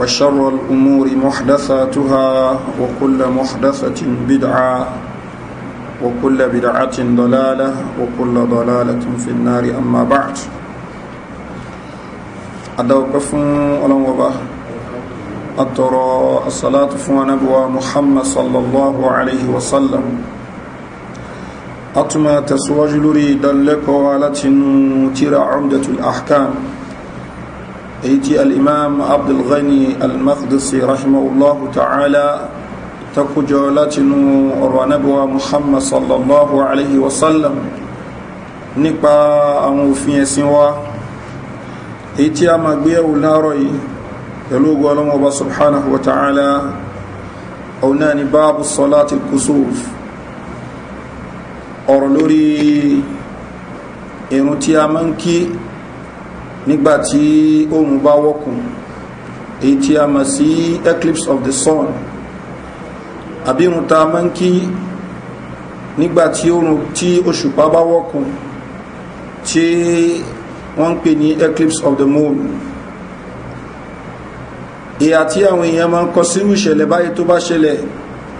وشر الأمور محدثاتها وكل محدثة بدعة وكل بدعة ضلالة وكل ضلالة في النار أما بعد أدوقف ألم وبه أترى الصلاة فنبوى محمد صلى الله عليه وسلم أتما تسوج لري دلك ولتن ترى عمدة الأحكام ايتي الامام عبد الغني المقدسي رحمه الله تعالى تكجولتن ورنبوى محمد صلى الله عليه وسلم نقبا اموفين سوا ايتي اما بيو ناروي يلوغ الله سبحانه وتعالى او ناني باب الصلاه الكسوف اورلوري انتي امانكي nígbàtí oòrùn bá wọ́kùn èyí tí a mọ̀ sí eclipse of the sun àbírun ta máa ń kí nígbàtí oòrùn tí òṣùpá bá wọ́kùn tí wọ́n ń pè ní eclipse of the moon ìyà tí àwọn èèyàn máa ń kọ sínú ìṣẹ̀lẹ̀ báyìí tó bá ṣẹlẹ̀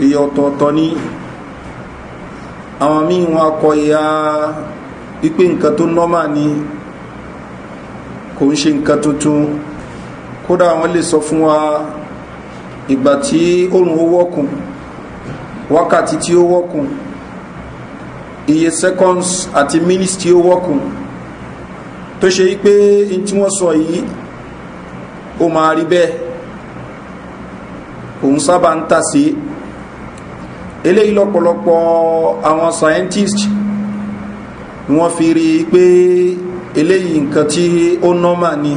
ìyà ọ̀tọ̀ọ̀tọ̀ ní àwọn míì wọn akọ ìyà wípé nǹkan tó nọ́mà ni kò ń ṣe nǹkan tuntun kódà wọ́n lè sọ fún wa ìgbà tí oòrùn ó wọ́kùn wákàtí tí ó wọ́kùn iye seconds àti minutes tí ó wọ́kùn tó ṣe wípé in tí wọ́n sọ yìí ó máa rí bẹ́ẹ̀ òun sábà ń tà sí eléyìí lọ́pọ̀lọpọ̀ àwọn scientists wọ́n fi rí i pé eléyìí nǹkan tí ó nọ́mà ni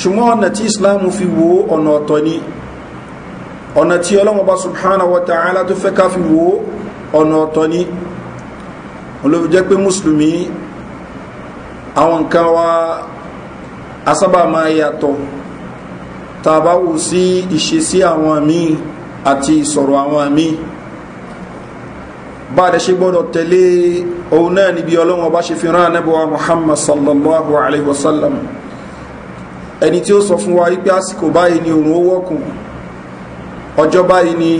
ṣùgbọ́n ọ̀nà tí islam fi wo ọ̀nà ọ̀tọ̀ ni ọ̀nà tí ọlọ́mọba subhanahu wa ta'ala tó fẹ́ ká fi wo ọ̀nà ọ̀tọ̀ ni olóòfin jẹ́ pé mùsùlùmí àwọn nǹkan wa asábà máa yàtọ̀ tàbá sí ìṣesí àwọn míì àti ìsọ̀rọ̀ àwọn míì bá dẹ̀ ṣe gbọ́dọ̀ tẹ̀lé òun náà níbi ọlọ́wọ́ bá ṣe fi rán anẹ́bọ̀wá muhammad sallallahu alaihi wasallam ẹni tí ó sọ fún wa wípé àsìkò báyìí ni òun ó wọ́kùn ọjọ́ báyìí ni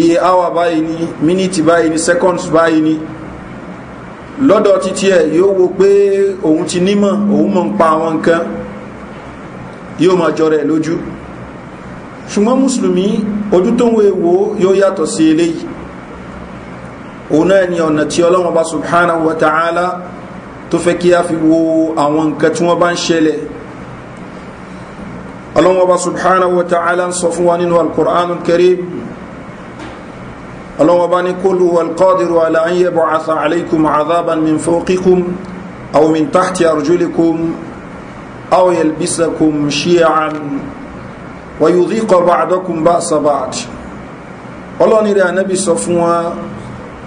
iye hour báyìí ni mínítì báyìí ni seconds báyìí ni lọ́dọ̀ títí ẹ̀ yóò wo pé òun ti nímọ̀ òun mọ̀ ń pa àwọn nǹkan yóò máa jọ rẹ̀ lójú ṣùgbọ́n mùsùlùmí ojú tó ń wo èwo yóò yàtọ̀ sí eléyìí òun náà ni ọ̀nà tí ọlọ́wọ́n bá subhanahu wa ta'ala tó fẹ́ kí a fi wo àwọn nǹkan tí wọ́n bá ń ṣẹlẹ̀ ọlọ́wọ́n bá subhanahu wa ta'ala ń sọ fún wa nínú alkur'an karim ọlọ́wọ́n bá ní kólú alqadiru ala an yẹ bọ̀casa alaykum min fawqikum aw min tahti arjulikum aw yalbisakum shi'an wa yudhiqa ba'dakum ba'sa ba'd ọlọ́ni rẹ̀ anabi sọ fún wa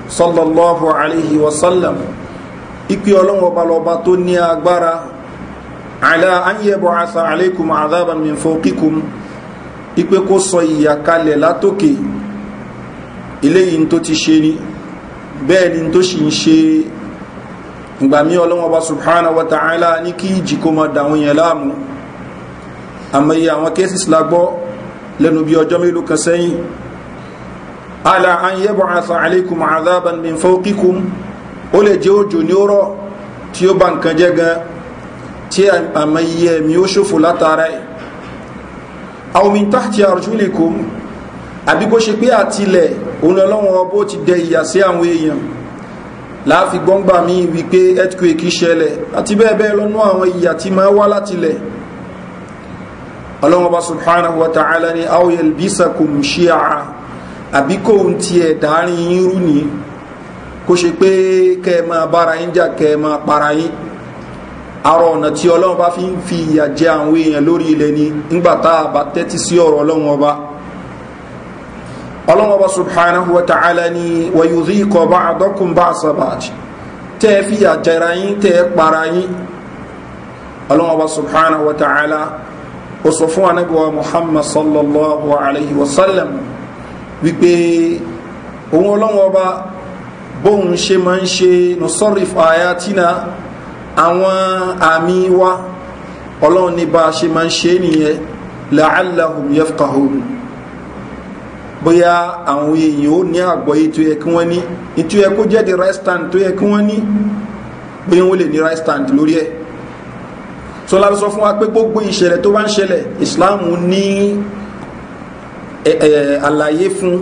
sallallahu alayhi wa sallam ipe ọlọ́wọ́ balọba tó ní agbára àlá anyẹ̀bọ̀ asa aleikum azaban min fọ́kíkum ipe kó sọ ìyàkalẹ̀ látòkè eléyìí tó ti ṣe ni bẹ́ẹ̀ ni tó sì ń ṣe ìgbàmí ọlọ́wọ́ bá subhanahu wa ta'ala ní kí ìjì kó máa dàwọn yẹn láàmú àmọ́ iye àwọn kéésìs lagbọ́ lẹ́nu bí ọjọ́ kan sẹ́yìn ala an yab'atha alaykum adhaban min fawqikum ó lè jẹ́ òjò ní ọ̀rọ̀ tí ó bà nǹkan jẹ́ gan tí àmàyẹ mi ó ṣòfò látara ẹ̀ aw min tahti arjulikum àbí kó ṣe pé àtilẹ̀ òun lọ́wọ́ bó ti dẹ ìyà sí àwọn èèyàn láàfi gbọ́ngbà mi wípé earthquake ṣẹlẹ̀ àti bẹ́ẹ̀ bẹ́ẹ̀ lọ́nú àwọn ìyà tí máa wá látilẹ̀ ọlọ́wọ́ bá subhanahu wa ta'ala ni aw yalbisakum shi'a àbí kò ń tiẹ̀ dáárín yín rú ni kó ṣe pé kẹ́ ẹ máa bára yín jà kẹ́ ẹ máa para yín arọ ọ̀nà tí ọlọ́run bá fi ń fi ìyà jẹ àwọn èèyàn lórí ilẹ̀ ni ńgbà tá a bá tẹ́tí sí ọ̀rọ̀ ọlọ́run ọba ọlọ́run ọba subhanahu wa ta'ala ni wàyùdí ikọ̀ bá àdọ́kùn bá àsàbàjì tẹ́ ẹ fi ìyà jẹra yín tẹ́ ẹ para yín ọlọ́run ọba subhanahu wa ta'ala ó sọ fún anábíwá muhammad sallallahu alayhi wa sallam wípé òun ọlọ́wọ́ ọba bóun ṣe máa ń ṣe nùsọ́rìf àyàtínà àwọn àmì wa ọlọ́run ní bá ṣe máa ń ṣe nìyẹn la'allahum yafqahun bóyá àwọn èèyàn ó ní àgbọ́yé tó yẹ kí wọ́n ní ìtú yẹ kó jẹ́ the right stand tó yẹ kí wọ́n ní bóyá wọ́n lè ní right lórí ẹ̀ sọlá sọ fún wa pé gbogbo ìṣẹ̀lẹ̀ tó bá ń ṣẹlẹ̀ islam ní àlàyé fún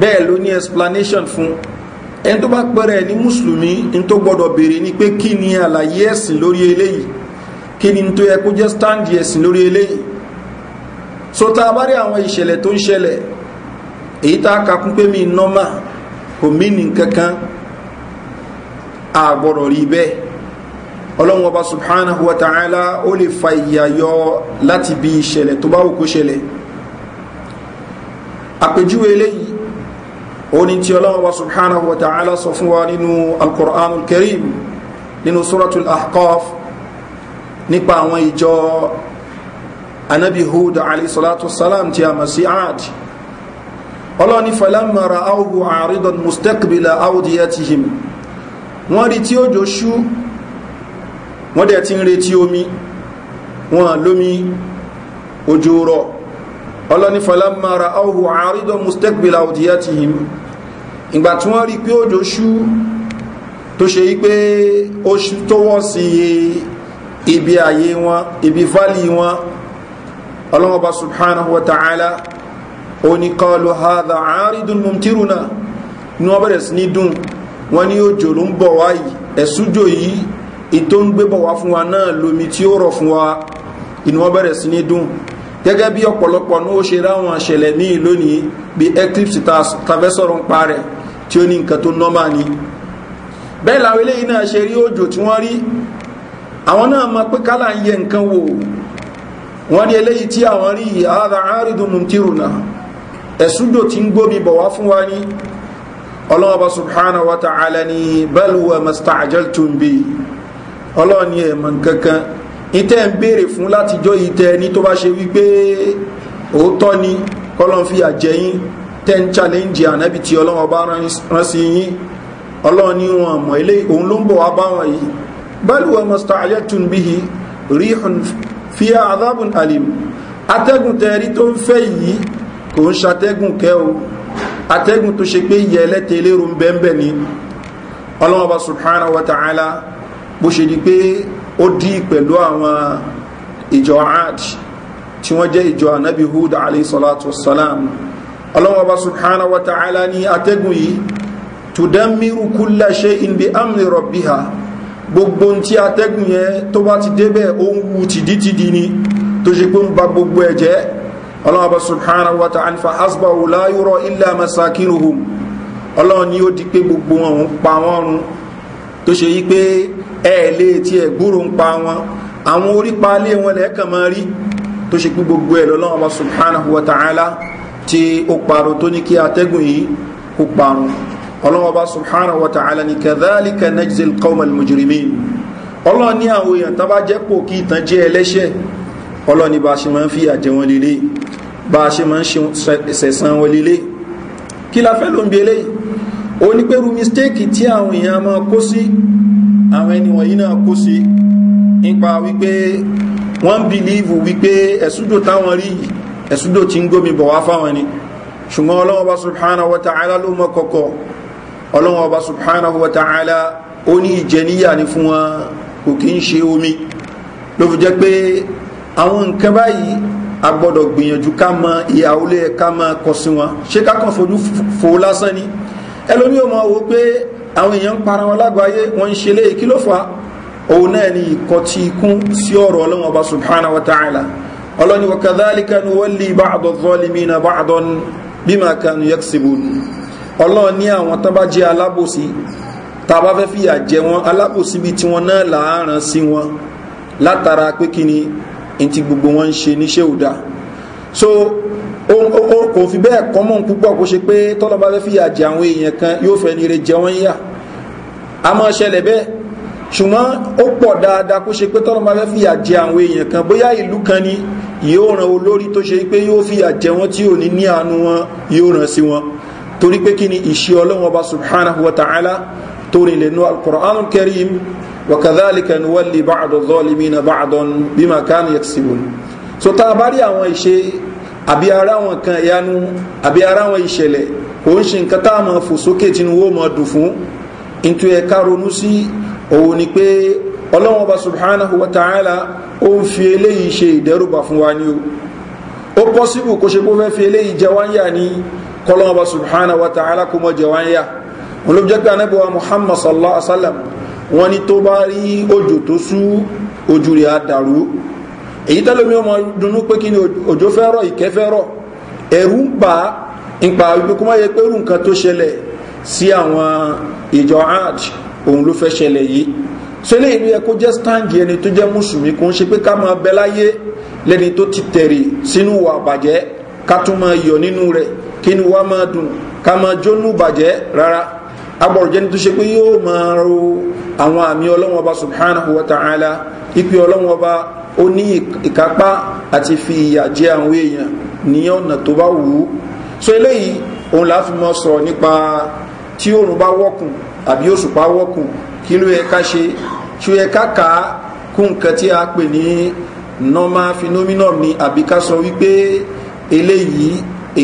bẹ́ẹ̀ ló ní explanation fún ẹni tó bá pẹ̀rẹ̀ ní mùsùlùmí ní tó gbọ́dọ̀ béèrè ni pé kí ni àlàyé ẹ̀sìn lórí eléyìí kí ni tó yẹ kó jẹ́ stáǹdì ẹ̀sìn lórí eléyìí so tá a bá rí àwọn ìṣẹ̀lẹ̀ tó ń ṣẹlẹ̀ èyí tá a kakún pé mi nọ́mà kò mí ní kankan a gbọ́dọ̀ rí bẹ́ẹ̀ ọlọ́run ọba subhanahu wa ta'ala ó lè fa ìyà yọ láti bí ìṣẹ̀lẹ̀ tó bá wù kó ṣẹlẹ̀ àpèjúwe eléyìí oni tí ọlọ́run wa subhanahu wa ta'ala sọ fún wa nínú alkur'an alkarim nínú suratul ahqaf nípa àwọn ìjọ anabi hud alayhisalatu salam ti a masi ọlọ́run ni falamara auhu aridan mustaqbila audiyatihim wọ́n rí tí ó jọ ṣú wọ́n dẹ̀ ti ń retí omi wọ́n lómi ojú rọ̀ ọlọ́ni falamara ọhún àrídọ́ mustekbila òdìyà ti him ìgbà tí wọ́n rí pé òjò ṣú tó ṣe yí pé ó tó wọ́n sí ibi àyè wọn ibi fálì wọn ọlọ́mọba subhanahu wa ta'ala ó ní kọlu hadha àrídùn mumtiruna ní wọ́n bẹ̀rẹ̀ sí ní dùn wọ́n ní òjò ló ń bọ̀ wá yìí ẹ̀sùjò yìí ìtó ń gbé bọ̀ wá fún wa náà lomi tí ó rọ̀ fún wa inú wọ́n bẹ̀rẹ̀ sí ní dùn gẹ́gẹ́ bí ọ̀pọ̀lọpọ̀ ní ó ṣe ráwọn àṣẹlẹ̀ ní lónìí bí eclipse tafẹ́sọ̀rọ̀ ń pa rẹ̀ tí ó ní nǹkan tó nọ́mà ní bẹ́ẹ̀ láwọn eléyìí náà ṣe rí òjò tí wọ́n rí àwọn náà mọ̀ pé kálà ń yẹ nǹkan wò wọ́n ní eléyìí tí àwọn rí ààrà àárídùn mùtírùnà ẹ̀sùdò tí ń gbómi bọ̀ wá fún wa ní ọlọ́ọ̀bá subhanahu wa ta'ala ni bẹ́ẹ̀ lùwẹ̀ mr ajelton bíi ọlọ́ọ̀ni ẹ̀mọ̀ nǹkankan ìtẹ́ ń béèrè fún látijọ́ ìtẹ́ ní tó bá ṣe wípé òótọ́ ni kọ́lọ́n fi àjẹyìn ten challenge ànábì tí ọlọ́wọ́ bá rán sí yín ọlọ́run ní wọn mọ̀ ilé òun ló ń bọ̀ wá bá wọn yìí bẹ́ẹ̀lú wọn mọ̀sítà ayẹ́tùn bíi ríhùn fi àdábùn àlìm atẹ́gùn tẹ́rí tó ń fẹ́ yìí kò ń ṣatẹ́gùn kẹ́ o atẹ́gùn tó ṣe pé yẹ ẹlẹ́tẹ̀ eléru bẹ́ẹ̀ bẹ́ẹ̀ ni ọlọ́wọ́ bá subhanahu wa ta'ala bó ṣe di pé ó dí pẹ̀lú àwọn ìjọ Ad tí wọ́n jẹ́ ìjọ anabi Hud alayhi salatu wassalam ọlọ́wọ́ bá subhana wa ta'ala ní atẹ́gùn yìí tudammiru kulla shay'in bi amri rabbiha gbogbo tí atẹ́gùn yẹn tó bá ti débẹ̀ ó ń wu tìdítìdí ni tó ṣe pé ẹ̀ lè tí ẹ̀ gbúrò ń pa wọn àwọn orípa alé wọn lẹ́ẹ̀kan máa rí tó ṣe pé gbogbo ẹ̀ lọ́lọ́wọ́ bá subhanahu wa ta'ala tí ó parun tó ní kí atẹ́gùn yìí kó parun ọlọ́wọ́ bá subhanahu wa ta'ala ní kadhalika najzil qawmal mujrimin ọlọ́ọ̀ ní àwọn èèyàn tí àwọn èèyàn máa kó sí àwọn ẹni wọ̀nyí náà kó sí nípa wípé wọ́n ń bìlíìvù wípé ẹ̀sùdò táwọn rí ẹ̀sùdò tí ń gómi bọ̀ wá fáwọn ni ṣùgbọ́n ọlọ́wọ́ bá subhanahu wa ta'ala ló mọ́ kọ̀kọ̀ ọlọ́wọ́ bá subhanahu wa ta'ala ó ní ìjẹníyà ní fún wọn kò kí ń ṣe omi ló fi jẹ́ pé àwọn nǹkan báyìí a gbìyànjú ká mọ ìyàwó lé ká mọ sí wọn ṣé ká kàn fojú fò lásán ni ẹlòmíì ó wo pé àwọn èèyàn ń para wọn lágbàáyé wọn ń ṣe léyìí kí ló fa òun náà ni ìkọtí ikún sí ọ̀rọ̀ ọlọ́run ọba subhanahu wa ta'ala ọlọ́ni wa kadhalika nuwalli ba'd adh-dhalimina ba'dan bima kanu yaksibun ọlọ́run ní àwọn tán bá jẹ́ alábòsí tá a bá fẹ́ fìyà jẹ wọn alábòsí bíi tiwọn náà làárán sí wọn látara pé kí ni ntí gbogbo wọn ń ṣe níṣẹ́ òdà so kò fi bẹ́ẹ̀ kọ́mọ̀ púpọ̀ kó ṣe pé tọ́lọ́bá fẹ́ fìyà jẹ àwọn èèyàn kan yóò fẹ́ ní ire jẹ wọ́n yà a máa ṣẹlẹ̀ bẹ́ẹ̀ ṣùgbọ́n ó pọ̀ dáadáa kó ṣe pé tọ́lọ́bá fẹ́ fìyà jẹ àwọn èèyàn kan bóyá ìlú kan ni yóò ran olórí tó ṣe pé yóò fìyà jẹ wọ́n tí ò ní ní àánú wọn yóò ran sí wọn torí pé kí ni ìṣe ọlọ́wọ́n ọba subhanahu wa ta'ala tó rìnlẹ̀ nú alquran kẹrim wakadhalika nuwalli ba'd adh so tá a bá rí àwọn àbí ara wọn kan ìyanu àbí ara wọn ìṣẹ̀lẹ̀ ó ń ṣe nǹkan tá a mọ̀ fò sókè tinubu mọ̀ dùn fún nítorí ẹ̀ka ronú sí òun ni pé ọlọ́wọ́n ọba subhanahu wa ta'ala ó ń fi eléyìí ṣe ìdẹ́rùbà fún wa ni o ó pọ́síbù kó ṣe kó fẹ́ fi eléyìí jẹ wáyà ní kọlọ́wọ́n ọba subhanahu wa ta'ala kó mọ̀ jẹ wáyà wọn ló jẹ́ pé anábọ̀wá muhammad sallallahu alaihi wa sallam wọn ni tó bá rí òjò tó sú ojú rẹ̀ á dàrú èyí tẹ́lómi ọmọ dunú pé kí ni òjò fẹ́rọ̀ ìkẹ́ fẹ́rọ̀ ẹ̀rù ń bà á ń pa wípé kó má yẹ pé irú nǹkan tó ṣẹlẹ̀ sí àwọn ìjọ ad òun ló fẹ́ ṣẹlẹ̀ yìí sẹ́lẹ̀ ìlú yẹ kó jẹ́ stand ẹni tó jẹ́ mùsùlùmí kò ń ṣe pé ká máa bẹ láyé lẹ́ni tó ti tẹ̀rì sínú wa bàjẹ́ ká tún máa yọ̀ nínú rẹ̀ kí ni wá máa dùn ká máa jónú bàjẹ́ rárá agbọ̀rọ̀jẹ́ni tó ṣe pé yóò máa ro àwọn àmì ọlọ́wọ́n subhanahu wa ta'ala ipi ọlọ́wọ́n ó ní ìkápá àti fi ìyà jẹ àwọn èèyàn ní ọ̀nà tó bá wù ú so eléyìí òun là á fi mọ sọ̀rọ̀ nípa tí òòrùn bá wọ́kùn àbí òṣùpá wọ́kùn kí ló yẹ ká ṣe ṣó yẹ ká kà á kún nǹkan tí a pè ní normal phenomenon ni àbí ká sọ wípé eléyìí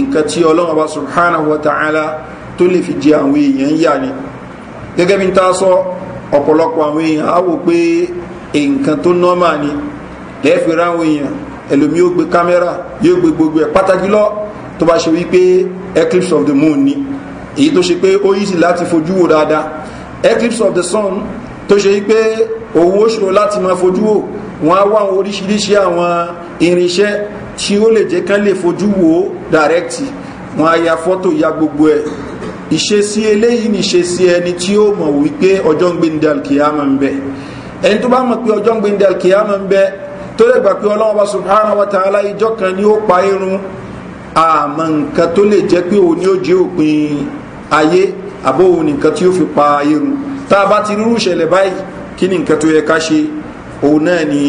nǹkan tí ọlọ́run ọba subhanahu wa ta'ala tó lè fi jẹ àwọn èèyàn yà ni gẹ́gẹ́ bí n ta sọ ọ̀pọ̀lọpọ̀ àwọn èèyàn á wò pé nǹkan tó normal ni lẹ́ẹ̀fì ráwọn èèyàn ẹlòmí ó gbé kámẹ́rà yóò gbé gbogbo ẹ̀ pàtàkì lọ tó bá ṣe wípé eclipse of the moon ni èyí tó ṣe pé ó yí sí láti fojú wò dáadáa eclipse of the sun tó ṣe wípé owó ṣòro láti máa fojú wò wọ́n á wá àwọn oríṣiríṣi àwọn irinṣẹ́ tí ó lè jẹ́ kán lè fojú wò direct wọ́n á ya fọ́tò ya gbogbo ẹ̀ ìṣesí eléyìí ni ìṣesí ẹni tí ó mọ̀ wípé ọjọ́ ń gbé ní dalkiyama ń bẹ ẹni tó bá mọ̀ pé ọjọ́ ń gbé ní dalkiyama ń bẹ tó lè gbà pé ọlọ́wọ́ bá wa ta'ala ìjọ kan ni ó pa irun àmọ́ nǹkan tó lè jẹ́ pé òun ni ó jẹ́ òpin ayé àbó òun nìkan tí ó fi pa irun tá a bá ti rírú ìṣẹ̀lẹ̀ báyìí kí ni nǹkan tó yẹ ká ṣe òun náà ni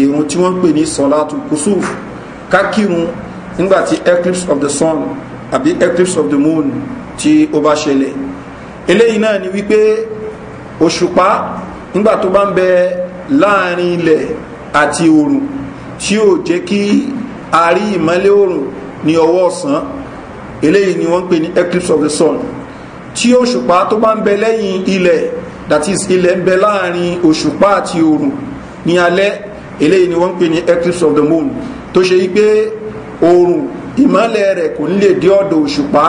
irun tí wọ́n ń pè ní sọ̀látù kùsùf ká nígbà tí eclipse of the sun àbí eclipse of the moon tí ó bá ṣẹlẹ̀ eléyìí náà ni wípé òṣùpá nígbà tó bá ń bẹ láàrin ilẹ̀ àti oòrùn tí ó jẹ́ kí a rí ìmọ́lẹ̀ oòrùn ní ọwọ́ ọ̀sán eléyìí ni wọ́n ń pè ní eclipse of the sun tí òṣùpá tó bá ń bẹ lẹ́yìn ilẹ̀ that is ilẹ̀ ń bẹ láàrin òṣùpá àti oòrùn ní alẹ́ eléyìí ni wọ́n ń pè ní eclipse of the moon tó ṣe yí pé oòrùn ìmọ́lẹ̀ rẹ̀ kò ní lè dé ọ̀dọ̀ òṣùpá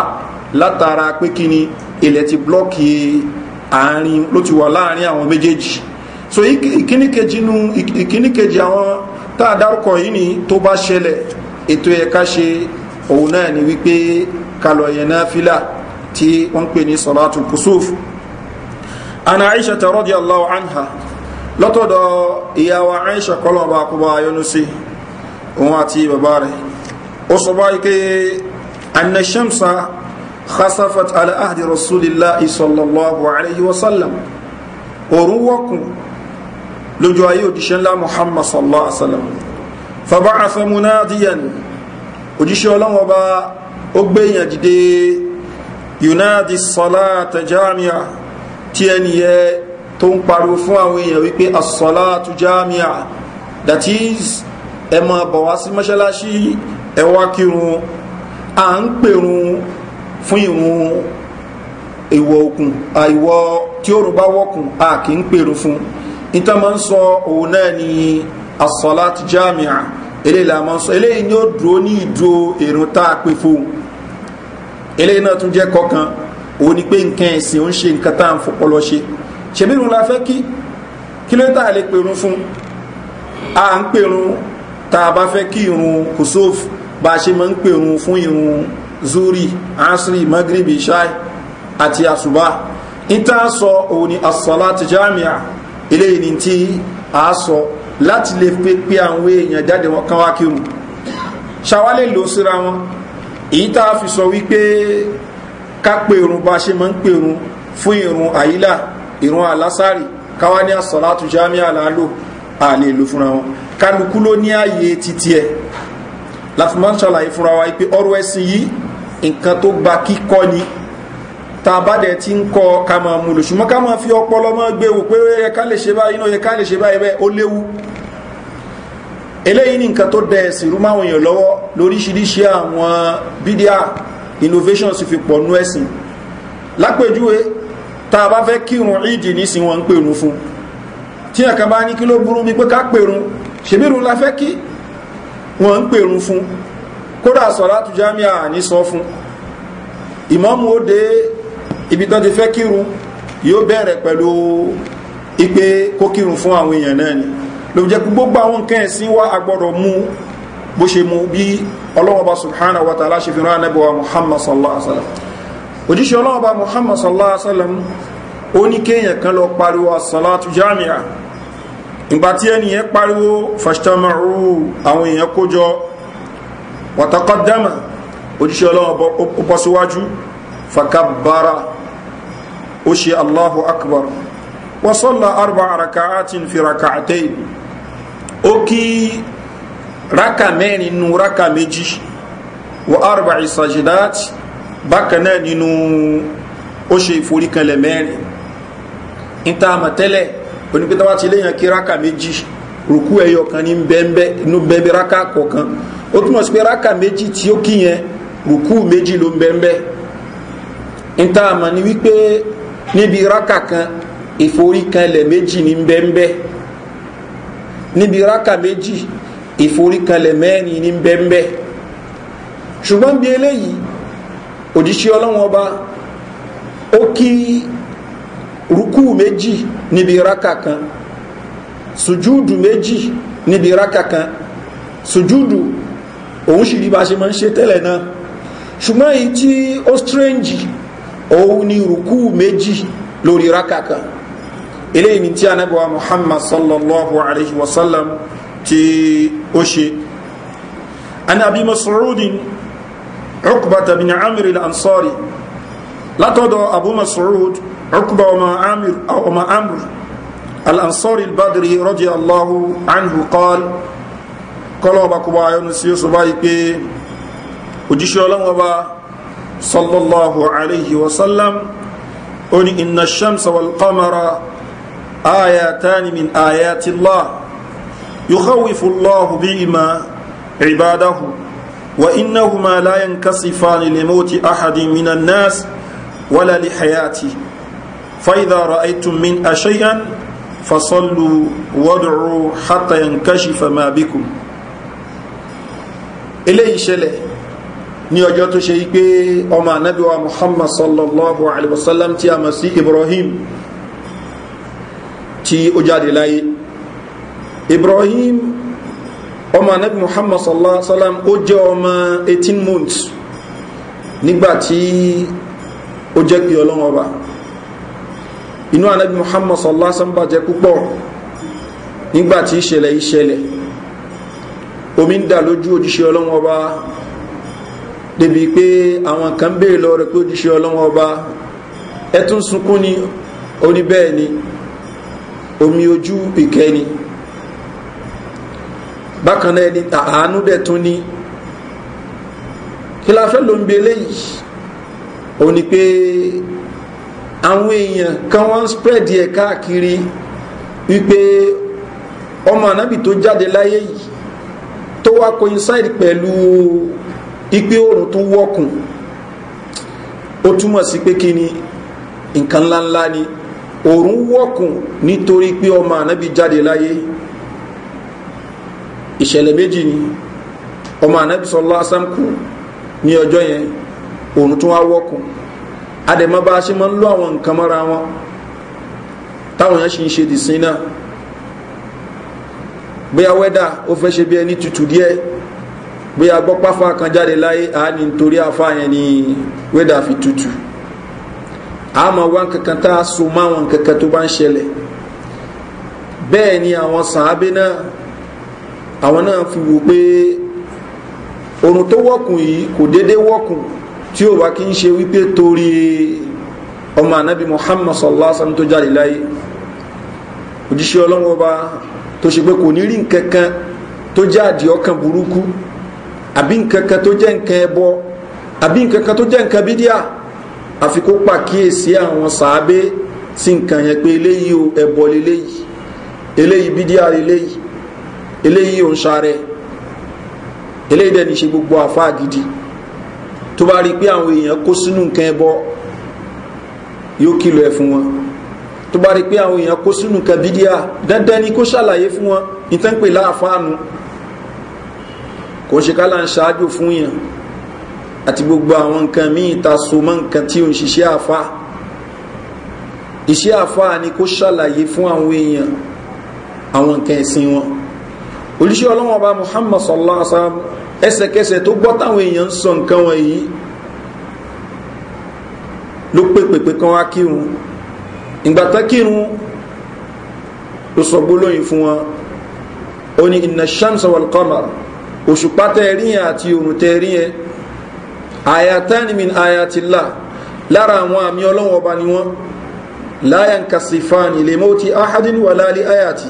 látara pé kíni ilẹ̀ ti blọ́ọ̀kì àárín ló ti wà láàrin àwọn méjèèjì so ìkíníkejì àwọn tá ta dárúkọ yìí ni tó bá ṣẹlẹ̀ ètò ẹ̀ka ṣe òun náà ni wípé kalọ̀ yẹn náà fílà tí wọ́n pè ní sọ̀látù kùsùf ana aisha ta rọ́dí allahu anha lọ́tọ̀dọ̀ ìyàwó aisha kọlọ̀bà kúbà yọnu sí òun àti bàbá rẹ̀ ó sọ bá ike anna shamsa khasafat ala ahdi rasulillah sallallahu alaihi wasallam òrùn wọ́kùn lójú ayé òjíṣẹ́ ńlá muhammad sallallahu alaihi wasallam fàbá àfẹmúnádìyàn òjíṣẹ́ ọlọ́wọ́ bá ó gbéyàn dìde yunadi salata jamia tí ẹni yẹ tó ń pariwo fún àwọn èèyàn wípé asalatu jamia that is ẹ máa bọ̀ wá sí mọ́ṣáláṣí ẹ wá kírun à ń pèrun fún ìrun ìwọ̀ òkun àìwọ̀ tí òrùn bá wọ̀kùn a kì ń pèrun fún un Ita máa ń sọ òun náà ni asọ́láti jamia eléyìí la máa ń sọ eléyìí ni ó dúró ní ìdúró èrún tá a pè fóun eléyìí náà tún jẹ́ kọ̀ọ̀kan òun ni pé nǹkan ẹ̀sìn ó ń ṣe nǹkan tá à ń fọpọlọ ṣe ṣèbí irun la fẹ́ kí kí ló ń tà lè pèrún fún a ń pèrún tá a bá fẹ́ kí irun kùsóf bá a ṣe máa ń pèrún fún irun zuri asri magribi shai àti àṣùbà ita sọ òun ni asọ́láti jamia eléyìí ni tí a sọ láti lè pe pé àwọn èèyàn jáde wọn kan wá kírun ṣàwálè lò síra wọn èyí tá a fi sọ wípé ká pe irun bá a ṣe máa ń pe irun fún irun àyílà irun àlásàrì káwá ní àsọ̀látù jámí àlálò àlè lò fúnra wọn kálukú ló ní ààyè títí ẹ láti máa ń ṣàlàyé fúnra wa pé ọrọ̀ ẹ̀sìn yìí nǹkan tó gba kíkọ́ ni tá a bá dẹ̀ ti ń kọ ká máa mú lò ṣùgbọ́n ká máa fi ọpọlọ máa gbé wò pé ẹ ká lè ṣe báyìí náà ẹ ká lè ṣe báyìí bẹ́ẹ̀ ó léwu eléyìí ní nǹkan tó dẹ ẹ̀sìn rú máwọn èèyàn lọ́wọ́ lóríṣiríṣi àwọn bídíà innovations fi pọ̀ nú ẹ̀sìn lápèjúwe tá fẹ́ kírun ìdì nísìn wọn ń pèrún fún tí ẹ̀kan bá ní kí ló burú mi pé ká pèrún ṣèbírun la fẹ́ kí wọn ń pèrún fún kódà sọ̀rọ̀ àtújámíà ní sọ fún ìmọ̀mù ó dé ibi tán ti fẹ́ kírun yóò bẹ̀rẹ̀ pẹ̀lú ipe kó kírun fún àwọn èèyàn náà ni ló jẹ́ pé gbogbo àwọn nǹkan ẹ̀sìn wá agbọ́dọ̀ mú bó ṣe mú bí ọlọ́wọ́ba subhanahu wa ta'ala ṣe fi rán anábọ̀wá muhammad sallallahu alaihi wa sallam òjíṣẹ́ ọlọ́wọ́ba muhammad sallallahu alaihi wa sallam ó ní kéèyàn kan lọ pariwo asalatu jami'a ìgbà tí ẹnìyẹn pariwo fashtamaru àwọn èèyàn kójọ wàtàkọ́dámà òjíṣẹ́ ọlọ́wọ́ba ó pọ̀ síwájú fakabara ó ṣe allahu akbar wasọ́lá arba raka'atin fi raka'atayn ó kí raka mẹ́rin nu raka méjì wa arba isajidat bákan náà nínú ó ṣe ìforíkanlẹ̀ mẹ́rin níta àmọ̀tẹ́lẹ̀ onípẹ́ta wá ti léyàn kí raka méjì rùkú ẹyọ kan ní bẹ́ẹ̀bẹ́ inú bẹ́ẹ̀bẹ́ raka kọ̀ọ̀kan ó túnmọ̀ sí pé raka méjì tí ó kí yẹn rùkú méjì ló ń bẹ́ẹ̀bẹ́ níta àmọ̀ ni wípé níbi rákà kan ìforíkanlẹ̀ méjì ní bẹ́ńbẹ́ níbi rákà méjì ìforíkanlẹ̀ mẹ́rin ní bẹ́ńbẹ́ ṣùgbọ́n bí eléyìí òjíṣẹ́ ọlọ́wọ́n ọba ó kí rúkú méjì níbi rákà kan sùjúùdù méjì níbi rákà kan sùjúùdù òun sì rí bá ṣe máa ń ṣe tẹ́lẹ̀ náà ṣùgbọ́n èyí tí ó strange òun ni rùkú méjì lórí rákà kan eléyìí ni tí ànábì wa muhammad sallallahu alayhi wa sallam tí ó ṣe an abi mas'udin uqbata bin amir al-ansari látọ̀dọ̀ abu mas'ud uqba ọmọ amir ọmọ amir al-ansari al-badri radiyallahu anhu qal kọlọ̀ ọba kọba ayọ́nu sí ó báyìí pé òjíṣẹ́ ọlọ́wọ́ bá صلى الله عليه وسلم أن إن الشمس والقمر آياتان من آيات الله يخوف الله بهما عباده وإنهما لا ينكسفان لموت أحد من الناس ولا لحياته فإذا رأيتم من أشيئا فصلوا وادعوا حتى ينكشف ما بكم إليه شلئ ní ọjọ́ tó ṣe wípé ọmọ anábíwa muhammad sallallahu alaihi wasallam tí a mọ̀ sí ibrahim tí ó jáde láyé ibrahim ọmọ anábí muhammad sallallahu alaihi wasallam ó jẹ́ ọmọ 18 months nígbàtí ó jẹ́ pé ọlọ́wọ́ bá inú anábí muhammad sallallahu alaihi wasallam bàjẹ́ púpọ̀ nígbàtí ìṣẹ̀lẹ̀ ìṣẹ̀lẹ̀ omi ń dà lójú òjíṣẹ́ ọlọ́wọ́ bá débi pé àwọn kan béèrè lọ rẹ̀ pé ojúṣe ọlọ́wọ́ ọba ẹtún sunkún ni ó ní bẹ́ẹ̀ ni omi ojú ìkẹni bákan náà ẹni àánú dẹ̀ tún ní kí la fẹ́ ló ń bi eléyìí ó ní pé àwọn èèyàn kan wọ́n ń spread ẹ̀ káàkiri wípé ọmọ ànábì tó jáde láyé yìí tó wá coincide pẹ̀lú ipe oòrùn tún wọ́kùn ó túmọ̀ sí pé kí ni nǹkan ńláńlá ni oòrùn wọ́kùn nítorí pé ọmọ ànábì jáde láyé ìṣẹ̀lẹ̀ méjì ni ọmọ ànábì sọlá sáńkù ní ọjọ́ yẹn oòrùn tún wá wọ́kùn adẹ̀mọ́ bá a ṣe máa ń lo àwọn nǹkan mọ́ra wọn táwọn yẹn ṣe ń ṣe dìsín náà bóyá wẹ́dà ó fẹ́ ṣe bí ẹni tutù díẹ̀ bí a gbọ́ páfá kan jáde láyé a ní nítorí afá yẹn ni wédà fi tutù a mọ̀ wá kankan tá a so mọ́ àwọn kankan tó bá ń ṣẹlẹ̀ bẹ́ẹ̀ ni àwọn sàábé náà àwọn náà fi wò pé orun tó wọ́kùn yìí kò déédéé wọ́kùn tí ó wá kí ń ṣe wípé torí ọmọ ànábì muhammad sallallahu alaihi wasallam tó jáde láyé òjíṣẹ́ ọlọ́wọ́ bá tó ṣe pé kò ní rí nkankan tó jáde ọkàn burúkú àbí nǹkan kan tó jẹ́ nǹkan ẹbọ àbí nǹkan kan tó jẹ́ nǹkan bídíà àfi kó pàkíyèsí àwọn sàábé sí nǹkan yẹn pé eléyìí o ẹbọ leléyìí eléyìí bídíà leléyìí eléyìí ò ń sáré eléyìí dẹ̀ ní ṣe gbogbo àfáà gidi tó bá rí pé àwọn èèyàn kó sínú nǹkan ẹbọ yóò kìlọ̀ ẹ̀ fún wọn tó bá rí pé àwọn èèyàn kó sínú nǹkan bídíà dandan ni kó ṣàlàyé fún wọn ìtàn pè láàfáànù kò ṣe kálá ń ṣáájú fún yàn àti gbogbo àwọn nǹkan míì ta so mọ́ nǹkan tí ò ń ṣiṣẹ́ àfa iṣẹ́ àfa ni kó ṣàlàyé fún àwọn èèyàn àwọn nǹkan ẹ̀sìn wọn olùṣẹ́ ọlọ́wọ́n ọba muhammad sallallahu alaihi wa sallam ẹsẹ̀kẹsẹ̀ tó gbọ́ táwọn èèyàn ń sọ nǹkan wọn yìí ló pè pèpè kan wá kírun ìgbà tán kírun ló sọ gbólóyìn fún wọn ó ní ìnà shamsa wal òṣùpá tẹ́ẹ̀rí yẹn àti òrùn tẹ́ẹ̀rí yẹn ayatani min ayatila lára àwọn àmì ọlọ́wọ́ ọba ni wọ́n láyà ń kàsífàní lè mọ́ ti ahadin wà láàrin ayati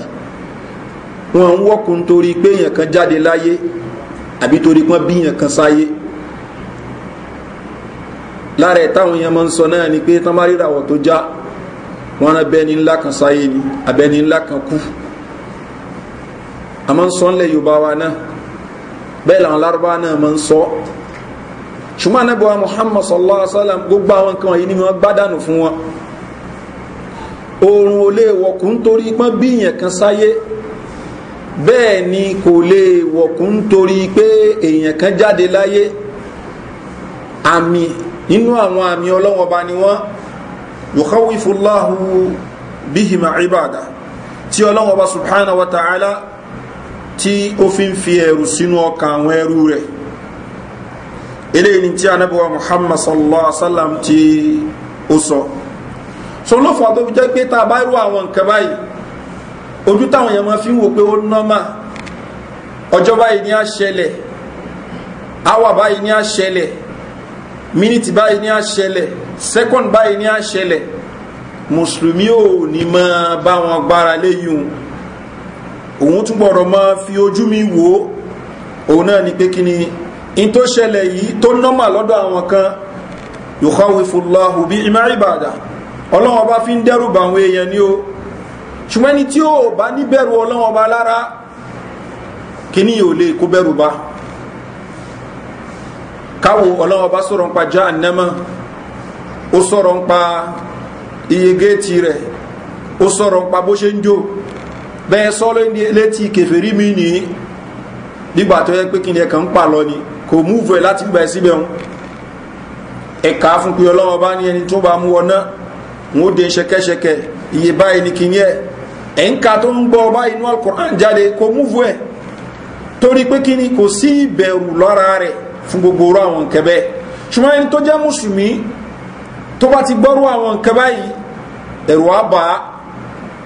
wọn ń wọ́kùn torí pé èèyàn kan jáde láyé àbí torí pọ́n bí èèyàn kan sáyé lára ẹ̀ táwọn èèyàn máa ń sọ náà ni pé tán bá ríra ọ̀ tó já wọn rán bẹni ńlá kan sáyé ni abẹni ńlá kan kú a máa ń sọ ńlẹ̀ yorùbá wa náà bẹ́ẹ̀ làwọn lárúbá náà máa ń sọ ṣùgbọ́n anábọ̀ muhammad sallallahu alaihi wasallam gbogbo àwọn nǹkan yìí ni wọ́n gbádànù fún wọn oorun ò lè wọ̀kùn torí pọ́n bíyàn kan sáyé bẹ́ẹ̀ ni kò lè wọ̀kùn torí pé èèyàn kan jáde láyé àmì nínú àwọn àmì ọlọ́wọ́n bá ni wọ́n yòkáwífúláhù bíhìmà ìbàdà tí ọlọ́wọ́n bá subhanahu wa ta'ala tí ó fi ń fi ẹ̀rù sínú ọkàn àwọn ẹrú rẹ̀ eléyìí tí anábíwá muhammad sallallahu alaihi wasallam tí ó sọ so ló fà tó fi jẹ́ pé tá a bá rú àwọn nǹkan báyìí ojú táwọn èèyàn máa fi ń wò pé ó nọ́mà ọjọ́ báyìí ní àṣẹlẹ̀ àwà báyìí ní àṣẹlẹ̀ mínítì báyìí ní àṣẹlẹ̀ sẹ́kọ̀nd báyìí ní àṣẹlẹ̀ mùsùlùmí ò ní máa bá wọn gbára léyìn òun tún gbọ́dọ̀ máa fi ojú mi wò ó òun náà ni pé kí ni in tó ṣẹlẹ̀ yìí tó nọ́mà lọ́dọ̀ àwọn kan yukhawifullahu bí ima ibada ọlọ́wọ́ bá fi ń dẹ́rù bà àwọn èèyàn ní o ṣùgbọ́n ni tí ó bá ní bẹ̀rù ọlọ́wọ́ bá lára kí ní yóò lè kó bẹ̀rù bá káwo ọlọ́wọ́ bá sọ̀rọ̀ nípa já ànẹ́mọ́ ó sọ̀rọ̀ nípa iye géètì rẹ̀ ó sọ̀rọ̀ nípa bó ṣe ń jó bẹ́ẹ̀ sọ́lọ́ ní létí kẹfẹ́rí mi ní nígbà tó yẹ pé kí ni ẹ̀kàn ń pa lọ ni kò múùfù ẹ̀ láti gbà ẹ̀ síbẹ̀ ń ẹ̀ka fún pé ọlọ́wọ́ bá ní ẹni tó bá mú ọná wọn ó de ṣẹkẹṣẹkẹ iye báyìí ni kí ni ẹ̀ ẹ̀ ń ka tó ń gbọ́ ọba inú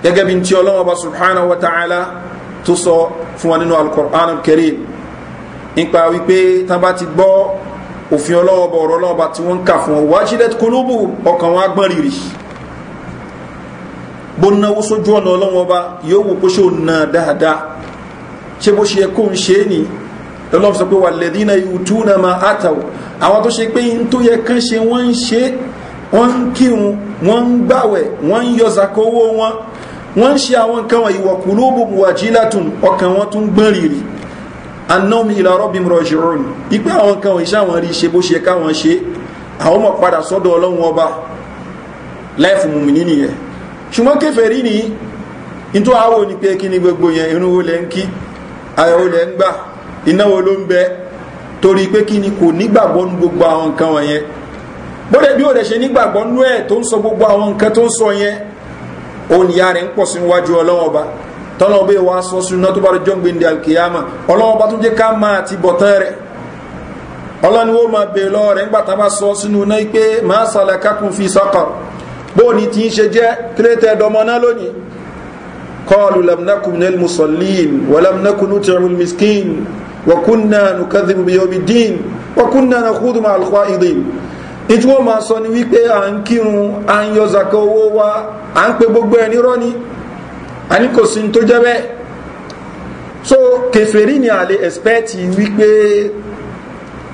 gẹ́gẹ́ bí tí ọlọ́wọ́ bá subhanahu wa ta'ala tó sọ fún wa nínú al-Qur'an al-Karim nípa wípé tán bá ti gbọ́ òfin ọlọ́wọ́ bọ̀ ọ̀rọ̀ ọlọ́wọ́ bá tí wọ́n ń kà fún wọn wajilat kulubu ọkàn wọn agbọ́n rírì bó náwó sójú ọ̀nà ọlọ́wọ́ bá yóò wò pé ṣé ò na dáadáa ṣé bó ṣe kó ń ṣe é nìyí lọ́lọ́ sọ pé wà lẹ́dínà yùtúnà ma átàwò àwọn tó ṣe pé yí tó yẹ kán ṣe wọ́n ń ṣe wọ́n ń kírun wọ́n ń gbàwẹ̀ wọ́n ń yọ zakowó wọn wọ́n ń ṣe àwọn nǹkan wọ̀nyí wọ̀ kúlóbù wàjílátùn ọkàn wọn tún gbọ́n rírì anáwó ilà rọ́bìm rọ̀ṣùrùn ipé àwọn nǹkan wọ̀nyí sáwọn rí ṣe bó ṣe káwọn ṣe àwọn ọmọ padà sọ́dọ̀ ọlọ́run ọba láìfù mùmìnì nìyẹn ṣùgbọ́n kẹfẹ́ rí ni nítorí àwọn ni pé kí ni gbogbo yẹn irun wo ń kí ayọ̀ wo ń gbà iná wo ló ń bẹ torí pé kí ni kò nígbàgbọ́ nu gbogbo àwọn nǹkan wọ̀nyẹn bóde bí ó dẹ̀ ṣe nígbàgbọ́ nú ẹ̀ tó òun ìyá rẹ̀ ń pọ̀ sí wájú ọlọ́wọ́n ba tọ́lọ́ bẹ́ẹ̀ wá sọ sunu náà tó bá jọ́ gbẹ̀ndẹ̀ alkiyama ọlọ́wọ́n bá tún jẹ́ ká máa ti bọ̀ tán rẹ̀ ọlọ́ni wo máa bèè lọ rẹ̀ ńgbà tá a bá sọ sínú náà pé máa sàlẹ̀ kákun fi sọ́kọ̀ bóò ni ti ń ṣe jẹ́ kílẹ̀tẹ̀ dọmọ náà lónìí kọlu lamnakun nel musallin walamnakun utrul miskin wakunna nukadhibu biyomi din wakunna nakudu idin ìtí wọ́n máa sọ ni wípé à ń kírun à ń yọ zaka owó wa à ń pe gbogbo ẹ̀ nírọ́ ni a ní kò sí tó jẹ́ so kẹfẹ́rí ni a lè expect wípé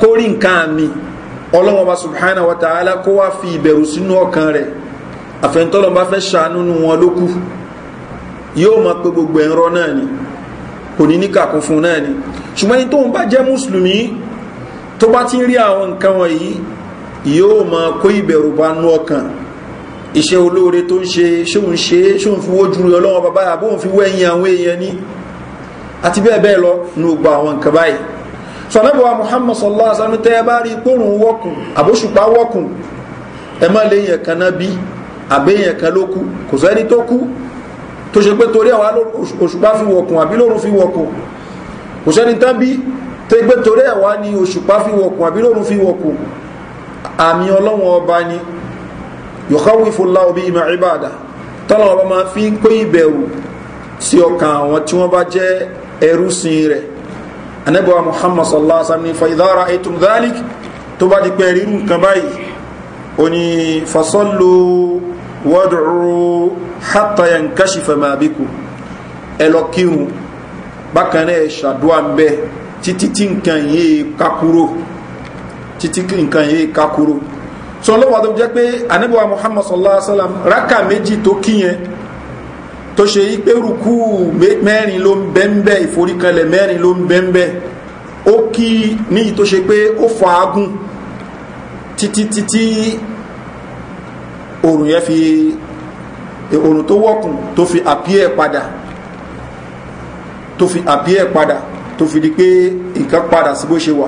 kó rí nǹkan mi ọlọ́wọ́n bá subhana wa ta'ala kó wá fi ìbẹ̀rù sínú ọkàn rẹ̀ àfẹ́ntọ́lọ́ bá fẹ́ ṣàánú nu wọn lókù yóò máa pe gbogbo ẹ̀rọ náà ni kò ní níkàkún fún náà ni ṣùgbọ́n ní tóun bá jẹ́ mùsùlùmí tó bá ti ń rí àwọn nǹkan wọ̀nyí yóò máa kó ìbẹ̀rù bá nú ọkàn iṣẹ́ olóore tó ń ṣe ṣóun ṣe ṣóun fi wójú rẹ ọlọ́wọ́n bàbá àbóhùn fi wẹ́yìn àwọn èèyàn ní àti bẹ́ẹ̀ bẹ́ẹ̀ lọ ní gbogbo àwọn nǹkan báyìí sọ̀nàbọ̀wà muhammad sallallahu alaihi wasallam tẹ́ bá rí pòrùn wọ́kùn àbóṣùpá wọ́kùn ẹ má lè yẹn kan náà bí àbẹ́yẹn kan ló kú kò sẹ́ni tó kú tó ṣe pé torí àwọn òṣùpá fi wọ̀kùn àbí lórun fi wọ̀kùn kò sẹ́ni tán bí tó gbé torí àwọn ni òṣùpá fi wọ̀kùn àbí lórun fi wọ̀kùn àmì ọlọ́wọ́n ọba ni yọ̀káwífúnlá obi ìmọ̀ ìbàdà tọ́lọ̀ ọba máa fi ń pé ìbẹ̀rù sí ọkàn àwọn tí wọ́n bá jẹ́ ẹrú sin rẹ̀ anábọ̀wá muhammad sallallahu alaihi wasallam fa ìdára ètùm dhalik tó bá di pé rírù nǹkan báyìí ó ní fasọ́lù wọ́dùrú hàtàyàn káṣí fẹ̀màbíkù ẹlọ́kírun bákan náà ṣàdúrà ń bẹ́ títí tí nǹkan yìí kakúrò títí nǹkan yìí kakuru sọ lọ́wọ́ tó jẹ́ pé anábíwá muhammad sallallahu alaihi wa sallam raka méjì tó kíyẹn tó ṣe yí pé rúkú mẹ́rin ló ń bẹ́ńbẹ́ ìforíkanlẹ̀ mẹ́rin ló ń bẹ́ńbẹ́ ó kí ní tó ṣe pé ó fàágùn títí títí oòrùn yẹn fi oòrùn tó wọ́kùn tó fi àpíẹ̀ padà tó fi àpíẹ̀ padà tó fi di pé nǹkan padà sí bó ṣe wà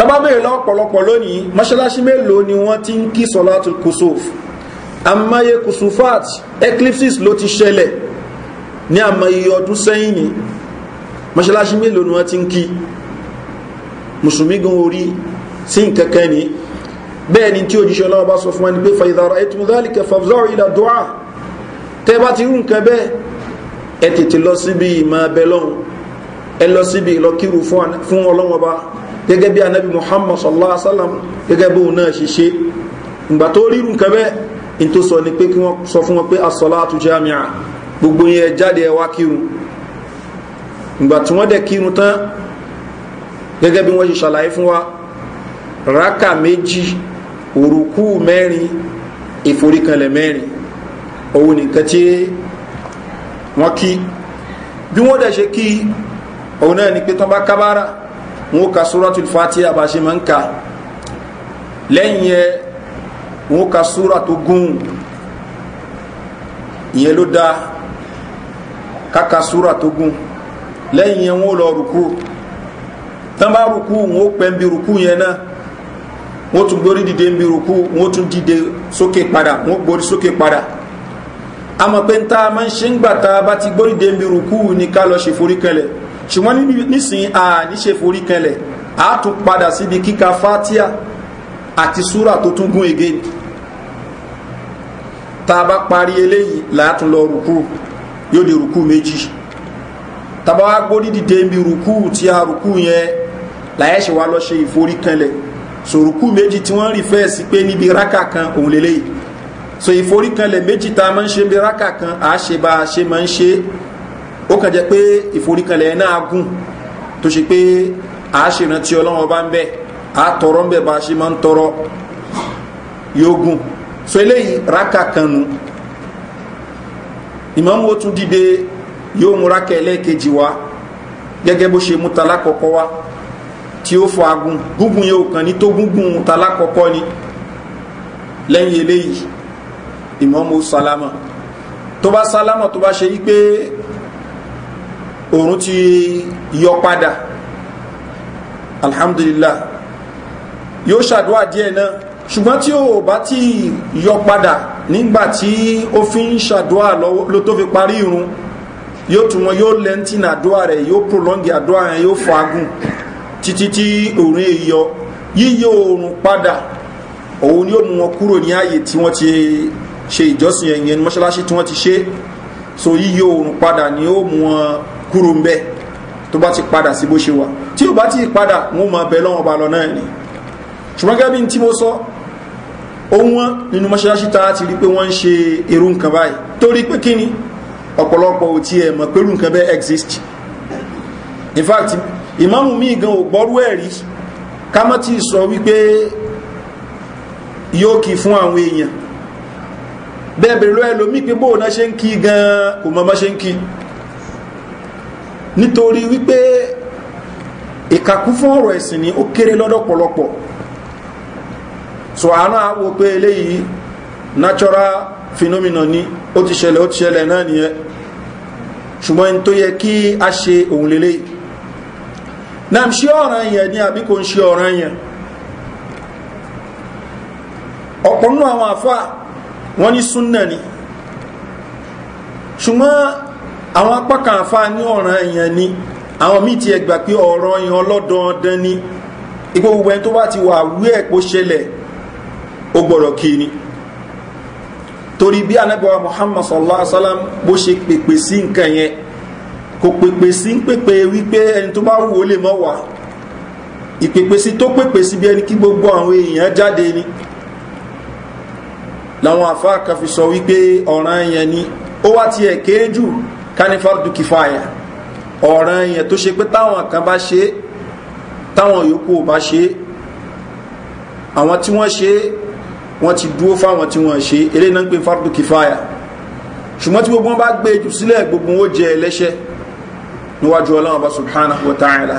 tọ́bá bèèrè lọ́pọ̀lọpọ̀ lónìí mọ́ṣáláṣí mélòó ni wọ́n ti ń kí sọ́látù kùsùf amáyé kùsùfàt eclipses ló ti ṣẹlẹ̀ ní àmàyé ọdún sẹ́yìn ni mọ́ṣáláṣí mélòó ni wọ́n ti ń kí mùsùlùmí gan orí sí nkankan ni bẹ́ẹ̀ tí òjíṣẹ́ ọlọ́wọ́ sọ fún wọn pé fàyídàrà ètùmùdálìkẹ gẹ́gẹ́ bí anabi muhammad sallallahu alaihi wasallam sallam gẹ́gẹ́ bó náà ṣe ṣe ìgbà tó ríru nǹkan bẹ́ẹ̀ in tó sọ ni pé kí wọ́n sọ fún wọn pé asọ́láàtú jamia gbogbo yẹn jáde ẹwà kírun ìgbà tí wọ́n dẹ̀ kírun tán gẹ́gẹ́ bí wọ́n ṣe ṣàlàyé fún wa rákà méjì òrùkú mẹ́rin ìforíkanlẹ̀ mẹ́rin òun nìkan tí wọ́n kí bí wọ́n dẹ̀ ṣe kí òun náà ni pé tán bá kábára wọn ka suratul fatiha bá ṣe máa ń ka lẹ́yìn yẹ wọn ka sura tó gùn ìyẹn ló dáa ká ka sura tó gùn lẹ́yìn yẹn wọn lọ rúkú tán bá rúkú wọn ó pẹ́ ń bi rúkú yẹn náà wọ́n tún gbórí dìde ń bi rúkú wọ́n tún dìde sókè padà wọ́n gbórí sókè padà àmọ́ pé ń tá a máa ń ṣe ń gbà tá bi rúkú ní ká lọ ṣe forí ṣùgbọ́n nísìnyí a níṣe forí kanlẹ̀ a tún padà síbi kíka fatia àti súrà tó tún gún again tá a bá parí eléyìí látún lọ rùkú yóò di rùkú méjì tá a bá wá gbórí dìde níbi rùkú tí a rùkú yẹn láyẹ̀ṣẹ̀ wa lọ ṣe ìforí kanlẹ̀ sòrùkú méjì tí wọ́n rí fẹ́ẹ̀ sí pé níbi rákà kan òun lélẹ́yìí so ìforí kanlẹ̀ méjì tá a máa ń ṣe bí rákà kan àá ṣe bá a ṣe máa ń ṣe é ó kàn jẹ́ pé ìforíkanlẹ̀ náà gùn tó ṣe pé a ṣe ìrántí ọlọ́run ọba ń bẹ a tọrọ ń bẹ bá a ṣe máa ń tọrọ yóò gùn so eléyìí rákà kan nu ìmọ̀mú ó tún dìde yóò mú rákà ẹlẹ́ẹ̀kejì wá gẹ́gẹ́ bó ṣe mú talákọ̀ọ́kọ́ wá tí ó fọ agun gúngun yóò kàn ní tó gúngun talákọ̀ọ́kọ́ ni lẹ́yìn eléyìí ìmọ̀mú sálámà tó bá sálámà tó bá ṣe yí pé òòrùn ti yọ padà alhamdulillah yóò ṣàdúrà díẹ̀ náà ṣùgbọ́n tí ó bá ti yọ padà nígbà tí ó fi ń ṣàdúrà ló tó fi parí irun yóò tún wọn yóò lẹ́ntìn àdúrà rẹ̀ yóò prolongi àdúrà rẹ̀ yóò fagùn títí tí òòrùn èyọ yíyọ òòrùn padà òun ni ó mú wọn kúrò ní ààyè tí wọ́n ti ṣe ìjọsìn ẹ̀yẹn mọ́ṣáláṣí tí wọ́n ti ṣe so yíyọ òòrùn padà ni ó mú wọn kúrò ń bẹ́ tó bá ti padà sí bó ṣe wà tí ò bá ti padà mú ma bẹ lọ́wọ́ ba lọ náà ni ṣùgbọ́n gẹ́gẹ́ bí n tí mo sọ ohun wọn nínú mọ́ṣáláṣí ta ti rí pé wọ́n ń ṣe irú nǹkan báyìí torí pé kí ni ọ̀pọ̀lọpọ̀ ò tiẹ̀ mọ̀ pé irú nǹkan bẹ́ẹ̀ exist in fact ìmáàmù míì gan ò gbọ́rú ẹ̀ rí ká mọ́ ti sọ wípé yóò kì fún àwọn èèyàn bẹ́ẹ̀ bẹ̀rẹ̀ lọ́ẹ̀lómi pé bóòná ṣe ń kí gan kò mọ́ mọ́ ṣe ń kí nítorí wípé ìkàkú fún ọ̀rọ̀ ẹ̀sìn ni ó kéré lọ́dọ̀ pọ̀lọpọ̀ pé eléyìí natural phenomenon ni ó ti ṣẹlẹ̀ ó ti ṣẹlẹ̀ náà nìyẹn ṣùgbọ́n in tó yẹ kí a ṣe òun lélẹ̀ náà ṣe ọ̀ràn yẹn ni àbí kò ń ṣe ọ̀ràn yẹn ọ̀pọ̀ nínú àwọn ni àwọn apá kan àfa ní ọ̀ràn èèyàn ni àwọn míì ti ẹ̀ gbà pé ọ̀rọ̀ yẹn ọlọ́dọọdán ni ipò gbogbo ẹni tó bá ti wà wí ẹ̀ ṣẹlẹ̀ ó gbọ́dọ̀ kí torí bí anábẹ́wà muhammad sallallahu alaihi wa sallam bó ṣe pèpè sí nǹkan yẹn kò pèpè sí pèpè wípé ẹni tó bá wù ó lè mọ́ wà ìpèpè sí tó pèpè síbi ẹni kí gbogbo àwọn èèyàn jáde ni làwọn àfáà kan fi sọ wípé ọ̀ràn yẹn ni ó wá ti ẹ̀ kéré jù Kani fardu kìfàyà ọ̀ràn yẹn tó ṣe pé táwọn kan bá ṣe táwọn yòókù bá ṣe àwọn tí wọ́n ṣe wọ́n ti dúró fáwọn tí wọ́n ṣe eléyìí náà ń pè fardu kìfàyà ṣùgbọ́n tí gbogbo wọn bá gbé jù sílẹ̀ gbogbo wọn ó jẹ ẹlẹ́ṣẹ̀ níwájú ọlọ́run bá subhanahu wa ta'ala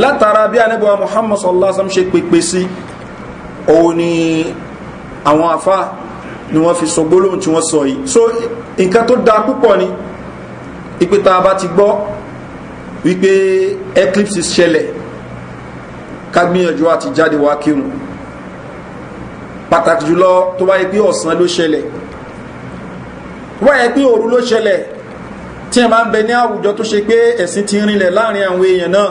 látara bí anábíwá muhammad sallallahu alaihi wasallam ṣe pèpè sí òun ni àwọn afá ni wọ́n fi sọ gbólóhùn tí wọ́n sọ yìí so nǹkan tó da púpọ̀ ni pípé tá a ti gbọ́ wípé eclipse ṣẹlẹ̀ ká gbìyànjú àti jáde wá kírun pàtàkì jùlọ tó bá yẹ pé ọ̀sán ló ṣẹlẹ̀ tó bá yẹ pé òru ló ṣẹlẹ̀ tí ẹ máa ń bẹ ní àwùjọ tó ṣe pé ẹ̀sìn ti rinlẹ̀ láàrin àwọn èèyàn náà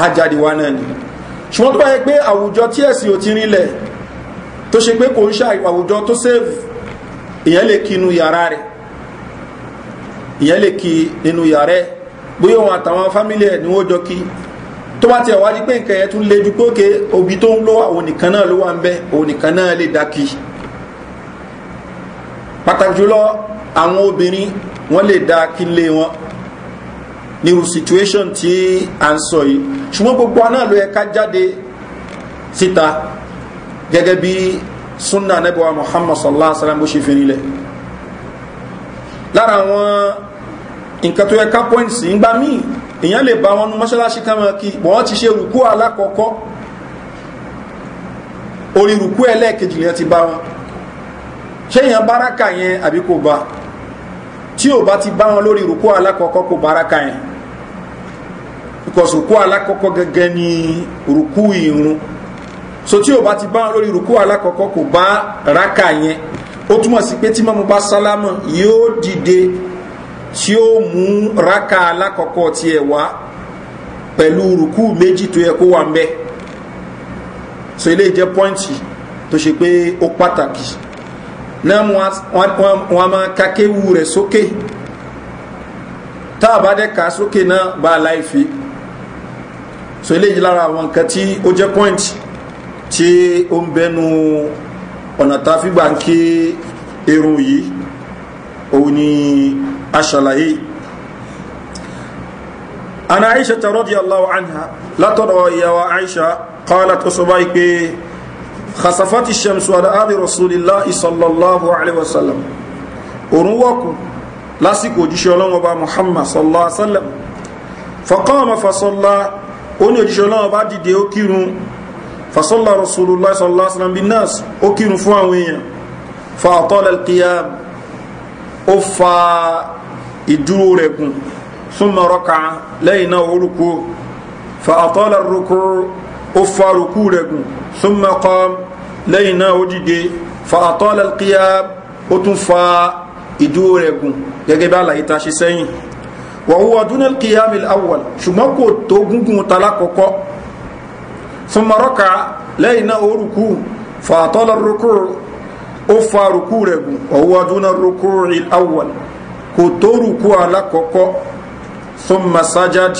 á jáde wá náà ni ṣùgbọ́n tó bá yẹ pé àwùjọ tí ẹ̀sìn ò ti rinlẹ̀ tó ṣe pé kò ń ṣe tó save èèyàn lè kinu yàrá rẹ̀ ìyẹn lè kí nínú yàrá ẹ bóyá òun àtàwọn fámílì ẹ ni wọ́n jọ kí tó bá ti ẹ̀ wájú pé nǹkan yẹn tún lé ju pé òkè òbí tó ń lọ àwọn nìkan náà ló wà ń bẹ òun nìkan náà lè dá kí pàtàkì jùlọ àwọn obìnrin wọ́n lè dá kí lé wọn nírú situation tí à ń sọ yìí ṣùgbọ́n gbogbo wa ló yẹ ká jáde síta gẹ́gẹ́ bí sunna anabiwa muhammad sallallahu alaihi wa sallam bó ṣe fi rinlẹ̀ lára àwọn nǹkan tó yẹ ká pọ́ǹsì ńgbà míì èèyàn lè bá wọn nu mọ́ṣáláṣí káwọn kí wọ́n ti ṣe rùkú alákọ̀ọ́kọ́ orí rùkú ẹlẹ́ẹ̀kejì lẹ́yìn ti bá wọn ṣé èèyàn báraka yẹn àbí kò bá tí ò bá ti bá wọn lórí rùkú alákọ̀ọ́kọ́ kò báraka yẹn because alákọ̀ọ́kọ́ gẹ́gẹ́ ni rùkú ìrun so tí ò bá ti bá wọn lórí rùkú alákọ̀ọ́kọ́ kò bá raka yẹn ó túmọ̀ sí pé tí mọ́mú bá sálámù yóò dìde tí ó mú rákà alákọ̀ọ́kọ́ tiẹ̀ wá pẹ̀lú rùkú méjì tó yẹ kó wà ń bẹ́ẹ̀ so ilé jẹ́ pọ́ǹtì tó ṣe pé ó pàtàkì náà wọ́n a máa kakéwu rẹ̀ sókè tá a bá dẹ́ ka sókè náà bá a láìfi so ilé yìí lára àwọn nǹkan tí ó jẹ́ pọ́ǹtì tí ó ń bẹnu ọ̀nà tá a fi gbà ń kí irun yìí òun ni aṣàlàyé ana aisha ta radiyallahu anha látọ̀dọ̀ ìyàwó aisha kọ́lá tó sọ báyìí pé khasafati shamsu ala abi rasulillahi sallallahu alaihi wasallam òrùn wọ́kùn lásìkò òjíṣẹ́ ọlọ́wọ́ bá muhammad sallallahu alaihi wasallam faqama fasalla ó ní òjíṣẹ́ ọlọ́wọ́ bá dìde ó kírun fasọ́lá rasulullah sallallahu alaihi wasallam bin nas ó kírun fún àwọn èèyàn fa àtọ́lẹ̀ alqiyam ó fa ìdúró rẹ̀ gùn súnmọ́ rọ́kà lẹ́yìn náà orúkú fa àtọ́lẹ̀ rúkú ó fa rúkú rẹ̀ gùn súnmọ́ qam lẹ́yìn náà ó dìde fa àtọ́lẹ̀ alqiyam ó tún fa ìdúró rẹ̀ gùn gẹ́gẹ́ bí àlàyé ta ṣe sẹ́yìn wàhùwà dúnà alqiyam al-awwal ṣùgbọ́n kò tó gúngùn talá thumma raka'a lẹ́yìn náà ó rùkú fàtọ́lá rúkú ó fa rùkú rẹ̀ gùn ọwọ́ dúnà rúkú al-awwal kò tó rùkú alákọ̀ọ́kọ́ thumma sajad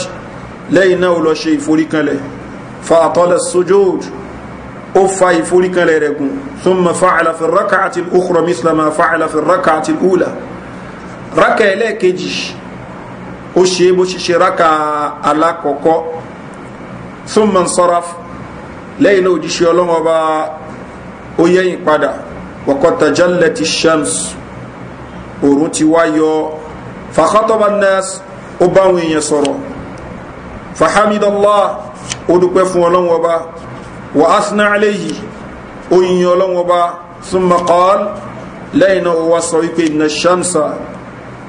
lẹ́yìn náà ó lọ ṣe ìforíkanlẹ̀ fàtọ́lá sujud ó fa ìforíkanlẹ̀ rẹ̀ gùn thumma fa'ala fi raka'ati al-ukhra misla ma fa'ala fi raka'ati al-ula rákà ẹlẹ́ẹ̀kejì ó ṣe bó ṣe ṣe rákà alákọ̀ọ́kọ́ thumma nsaraf lẹ́yìn náà òjíṣẹ́ ọlọ́wọ́n bá ó yẹ́yìn padà wọ́kọ̀tà jálẹ̀ ti shams òrùn ti wá yọ fàkọ́tọ̀bà nas ó bá àwọn èèyàn sọ̀rọ̀ fahamidallah ó dúpẹ́ fún ọlọ́wọ́n bá wà á sinà àléyìí ó bá súnmọ́ kọ́ọ́l lẹ́yìn náà ó sọ wípé na shamsa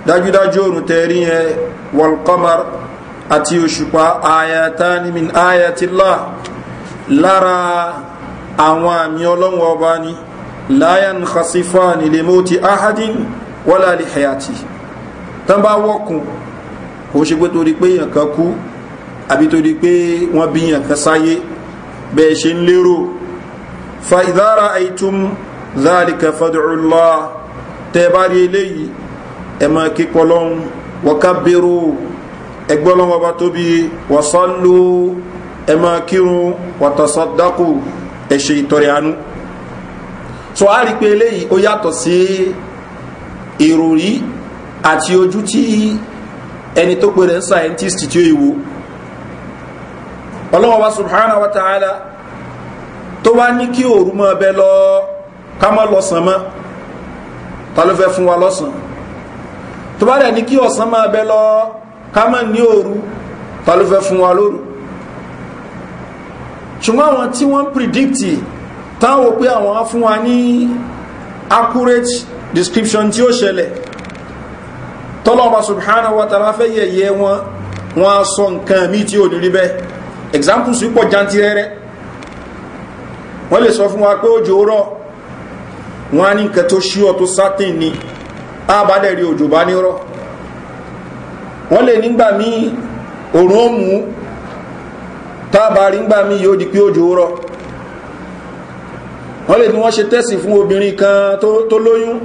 dájúdájú òrùn tẹ̀rí yẹn wọ́lkọ́mar àti òṣùpá ayatani min ayatillah lára àwọn àmì ọlọ́run ọba ni láyán khasifa nílé mọ́tí ahadin wọ́lá lè hayati tán bá wọ́kùn kò ṣe pé torí pé èèyàn kan kú àbí torí pé wọ́n bí èèyàn kan sáyé bẹ́ẹ̀ ṣe ń lérò fa ìdára àìtún zálìkà fàdùrùlá tẹ́ bá rí eléyìí ẹ̀mọ́ kíkọ́ lọ́hún wọ́n ká bẹ̀rù ẹgbọ́lọ́wọ́ bá tóbi wọ́n sọ́lù ẹ máa kírun wàtọ̀sọ́dákù ẹ̀ṣẹ̀ ìtọ̀rẹ̀ àánú so a rí pé eléyìí ó yàtọ̀ sí ìròrí àti ojú tí ẹni tó pèrè ń scientist tí ó ìwo ọlọ́wọ́ wa subhanahu wa ta'ala tó wá ní kí òru mọ́ ọbẹ̀ lọ ká mọ́ lọ́sàn mọ́ ta ló fẹ́ fún wa lọ́sàn tó bá dẹ̀ ní kí ọ̀sán mọ́ ọbẹ̀ lọ ká mọ́ ní òru ta ló fẹ́ fún wa lóru ṣùgbọ́n àwọn tí wọ́n predict táwọn pé àwọn á fún wa ní accurate description tí ó ṣẹlẹ̀ tọ́lọ́ọ̀bá subhanahu wa ta'ala fẹ́ yẹ̀yẹ́ wọn wọ́n á sọ nǹkan míì tí ò ní rí bẹ́ẹ̀ examples pọ̀ jantirẹ́rẹ́ wọ́n lè sọ fún wa pé òjò rọ̀ wọ́n á ní nǹkan tó ṣíọ̀ tó sátìn ni àbádẹ́rí òjò bá ní rọ̀ wọ́n lè nígbà míì òrùn ó mú tábà rí ngbà mí yóò di pé òjò rọ wọ́n lè ní wọ́n ṣe tẹ́sì fún obìnrin kan tó lóyún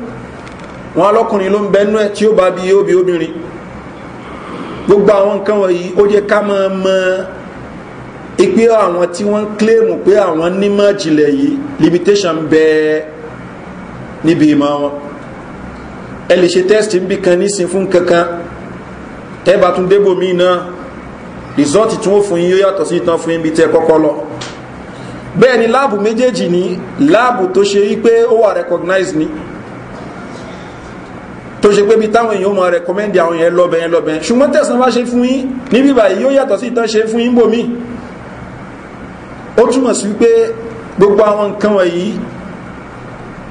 wọn alọ́kùnrin ló ń bẹnú ẹ̀ tí ó bá bí óbi obìnrin gbogbo àwọn nǹkan wọ̀nyí ó jẹ́ ká mọ́ mọ́ ipé àwọn tí wọ́n ń kílèmù pé àwọn nímọ̀ jìnlẹ̀ yìí limitation bẹ níbi ìmọ̀ wọn ẹ lè ṣe tẹ́sì ń bì kan nísìn fún kankan tẹ́ náà rìsọ́ọ̀tì tí wọ́n fún yín yóò yàtọ̀ sí ìtàn fún yín bí tẹ́ kọ́kọ́ lọ bẹ́ẹ̀ ni láàbù méjèèjì ní láàbù tó ṣe wípé ó wà recognize ni tó ṣe pé bí táwọn èèyàn mọ̀ recommend àwọn yẹn lọ́bẹ̀ yẹn lọ́bẹ̀ ṣùgbọ́n tẹ̀sán bá ṣe fún yín ní bíbà yìí yóò yàtọ̀ sí ìtàn ṣe fún yín bòmí ó túmọ̀ sí wípé gbogbo àwọn nǹkan wọ̀nyí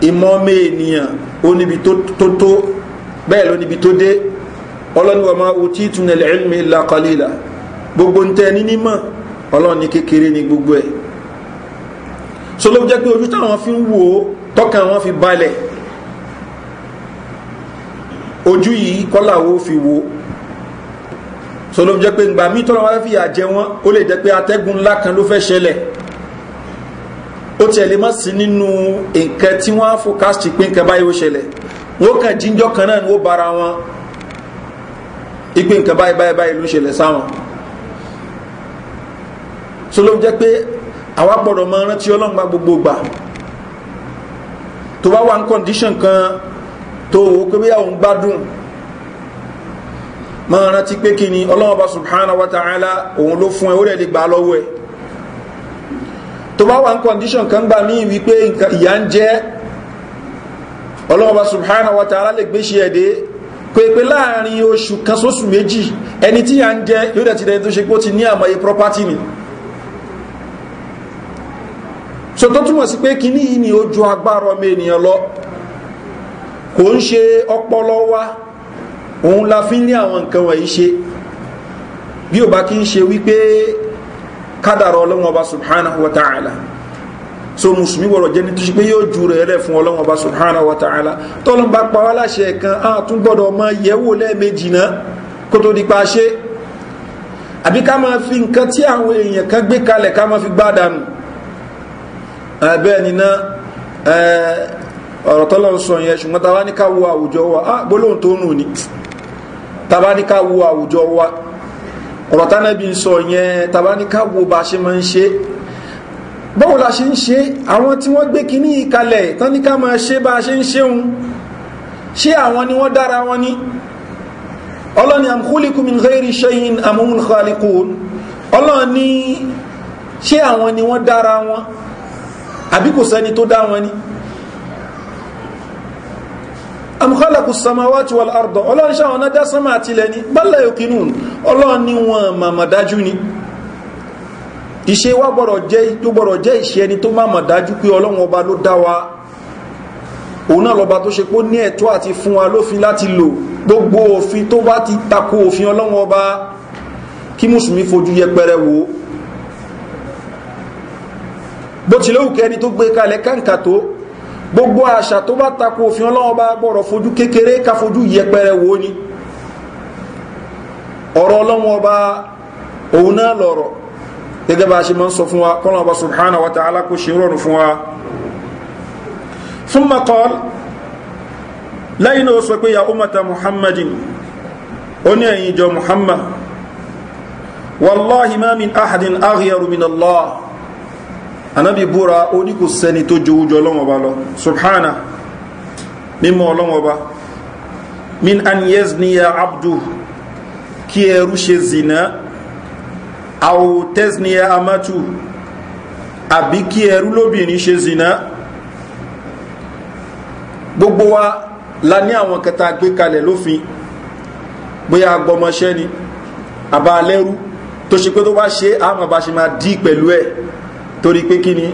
ìmọ̀ ọmọ ènìyàn ó níbi tó tó bẹ́ẹ̀ ló níbi tó dé ọlọ́ni máa wò tí ìtúnẹ̀lẹ̀ ilmi ìlà gbogbo ntẹ ní nímọ̀ ọlọ́run ní kékeré ní gbogbo ẹ̀ so ló jẹ́ pé ojú táwọn fi ń wò ó tọ́kàn wọn fi balẹ̀ ojú yìí kọ́láwo fi wo so ló jẹ́ pé ngbà mí tọ́lọ́ wọn fi àjẹ wọn ó lè jẹ́ pé atẹ́gùn ńlá kan ló fẹ́ ṣẹlẹ̀ ó tiẹ̀ lè má sí nínú nǹkan tí wọ́n á fòkásìtì pé nǹkan báyìí ó ṣẹlẹ̀ wọ́n kàn jíjọ́ kan náà ni ó bára wọn ipe nǹkan báyìí báyìí báyìí ló ṣẹlẹ̀ sáwọn so ló jẹ́ pé àwa gbọ́dọ̀ máa rántí ọlọ́run gbogbo gbà tó bá wà ní condition kan tó wò pé bóyá òun gbádùn máa rántí pé kí ni ọlọ́run subhanahu wa ta'ala òun ló fún ẹ ó rẹ̀ lè gbà lọ́wọ́ ẹ tó bá wà ní condition kan gbà míì wípé ìyá ń jẹ́ ọlọ́run subhanahu wa ta'ala lè gbéṣe ẹ̀dẹ́ pèpè láàrin oṣù kan sóṣù méjì ẹni tí ìyá ń jẹ́ yóò dẹ̀ ti dẹ̀ tó ṣe pé ó ti ní àmọ̀ye property ni so tó túmọ̀ sí pé kíní yìí ni ó ju agbára ọmọ ènìyàn lọ kò ń ṣe ọpọlọ wa òun la fi ń lé àwọn nǹkan wọ̀nyí ṣe bí ò bá kí ń ṣe wípé kádàrọ ọlọ́wọ́n ọba subhanahu wa ta'ala so musulmi wọ̀rọ̀ jẹ́ ní túnṣe pé yóò ju rẹ̀ rẹ̀ fún ọlọ́wọ́n ọba subhanahu wa ta'ala tọ́lọ́n bá pa wá láṣẹ kan á tún gbọ́dọ̀ ọmọ yẹ̀wò lẹ́ẹ̀mejì náà kó tó di pa ṣe àbí ká máa fi nǹkan tí àwọn èèyàn kan gbé kalẹ̀ ká máa fi gbá dànù Eh, bẹ́ẹ̀ ni náà eh, ọ̀rọ̀ tọ́lọ̀ ń sọ yẹn ṣùgbọ́n ní ká wo àwùjọ wa ah gbólóhùn tó nù ni tàbá ní ká wo àwùjọ wa ọ̀rọ̀ tánàbí ń sọ yẹn tàbá ní ká wo bá ṣe máa ń ṣe báwo la ṣe ń ṣe àwọn tí wọ́n gbé kíní ìkalẹ̀ tán ní ká ọlọ́ni ṣé àwọn ni wọ́n dára wọn àbí kò sẹ́ni tó dá wọn ni amúkálàkù samawati wal ardọ̀ ọlọ́run ṣáwọn náà dá sánmà àtìlẹ̀ ni bálẹ̀ òkínú ọlọ́run ni wọn màmà dájú ni ìṣe wa gbọ́dọ̀ jẹ́ tó gbọ́dọ̀ jẹ́ ìṣe ẹni tó màmà dájú pé ọlọ́run ọba ló dá wa òun náà lọba bó ti lóhùn kẹni tó gbé kalẹ̀ kàǹkà tó gbogbo àṣà tó bá tako òfin ọlọ́wọ́ bá gbọ́rọ̀ fojú kékeré ká fojú yẹpẹrẹ wo ni ọ̀rọ̀ ọlọ́wọ́ bá òun náà lọ̀rọ̀ gẹ́gẹ́ bá ṣe máa ń sọ fún wa kọ́nà ọba subhana wa ta'ala kó ṣe rọrùn fún wa fún makọ́l lẹ́yìn náà ó sọ pé ya umata muhammadin ó ní ẹ̀yìn ìjọ muhammad wallahi ma ahadin aghyaru min allah anábì búra ó ní kò sẹ́ni tó jowú jọ ọlọ́wọ́n ọba lọ subhana mímọ́ ọlọ́wọ́n ọba min an yezniya abdu kí ẹrú ṣe zina àwò tezniya amatu àbí kí ẹrú lóbìnrin ṣe zina gbogbo wa la ní àwọn kẹta gbé kalẹ̀ lófin bóyá agbọmọṣẹ́ ni àbá alẹ́rú tó ṣe pé tó bá ṣe àmọ́ bá ṣe máa dí pẹ̀lú ẹ̀ torí pé kí ni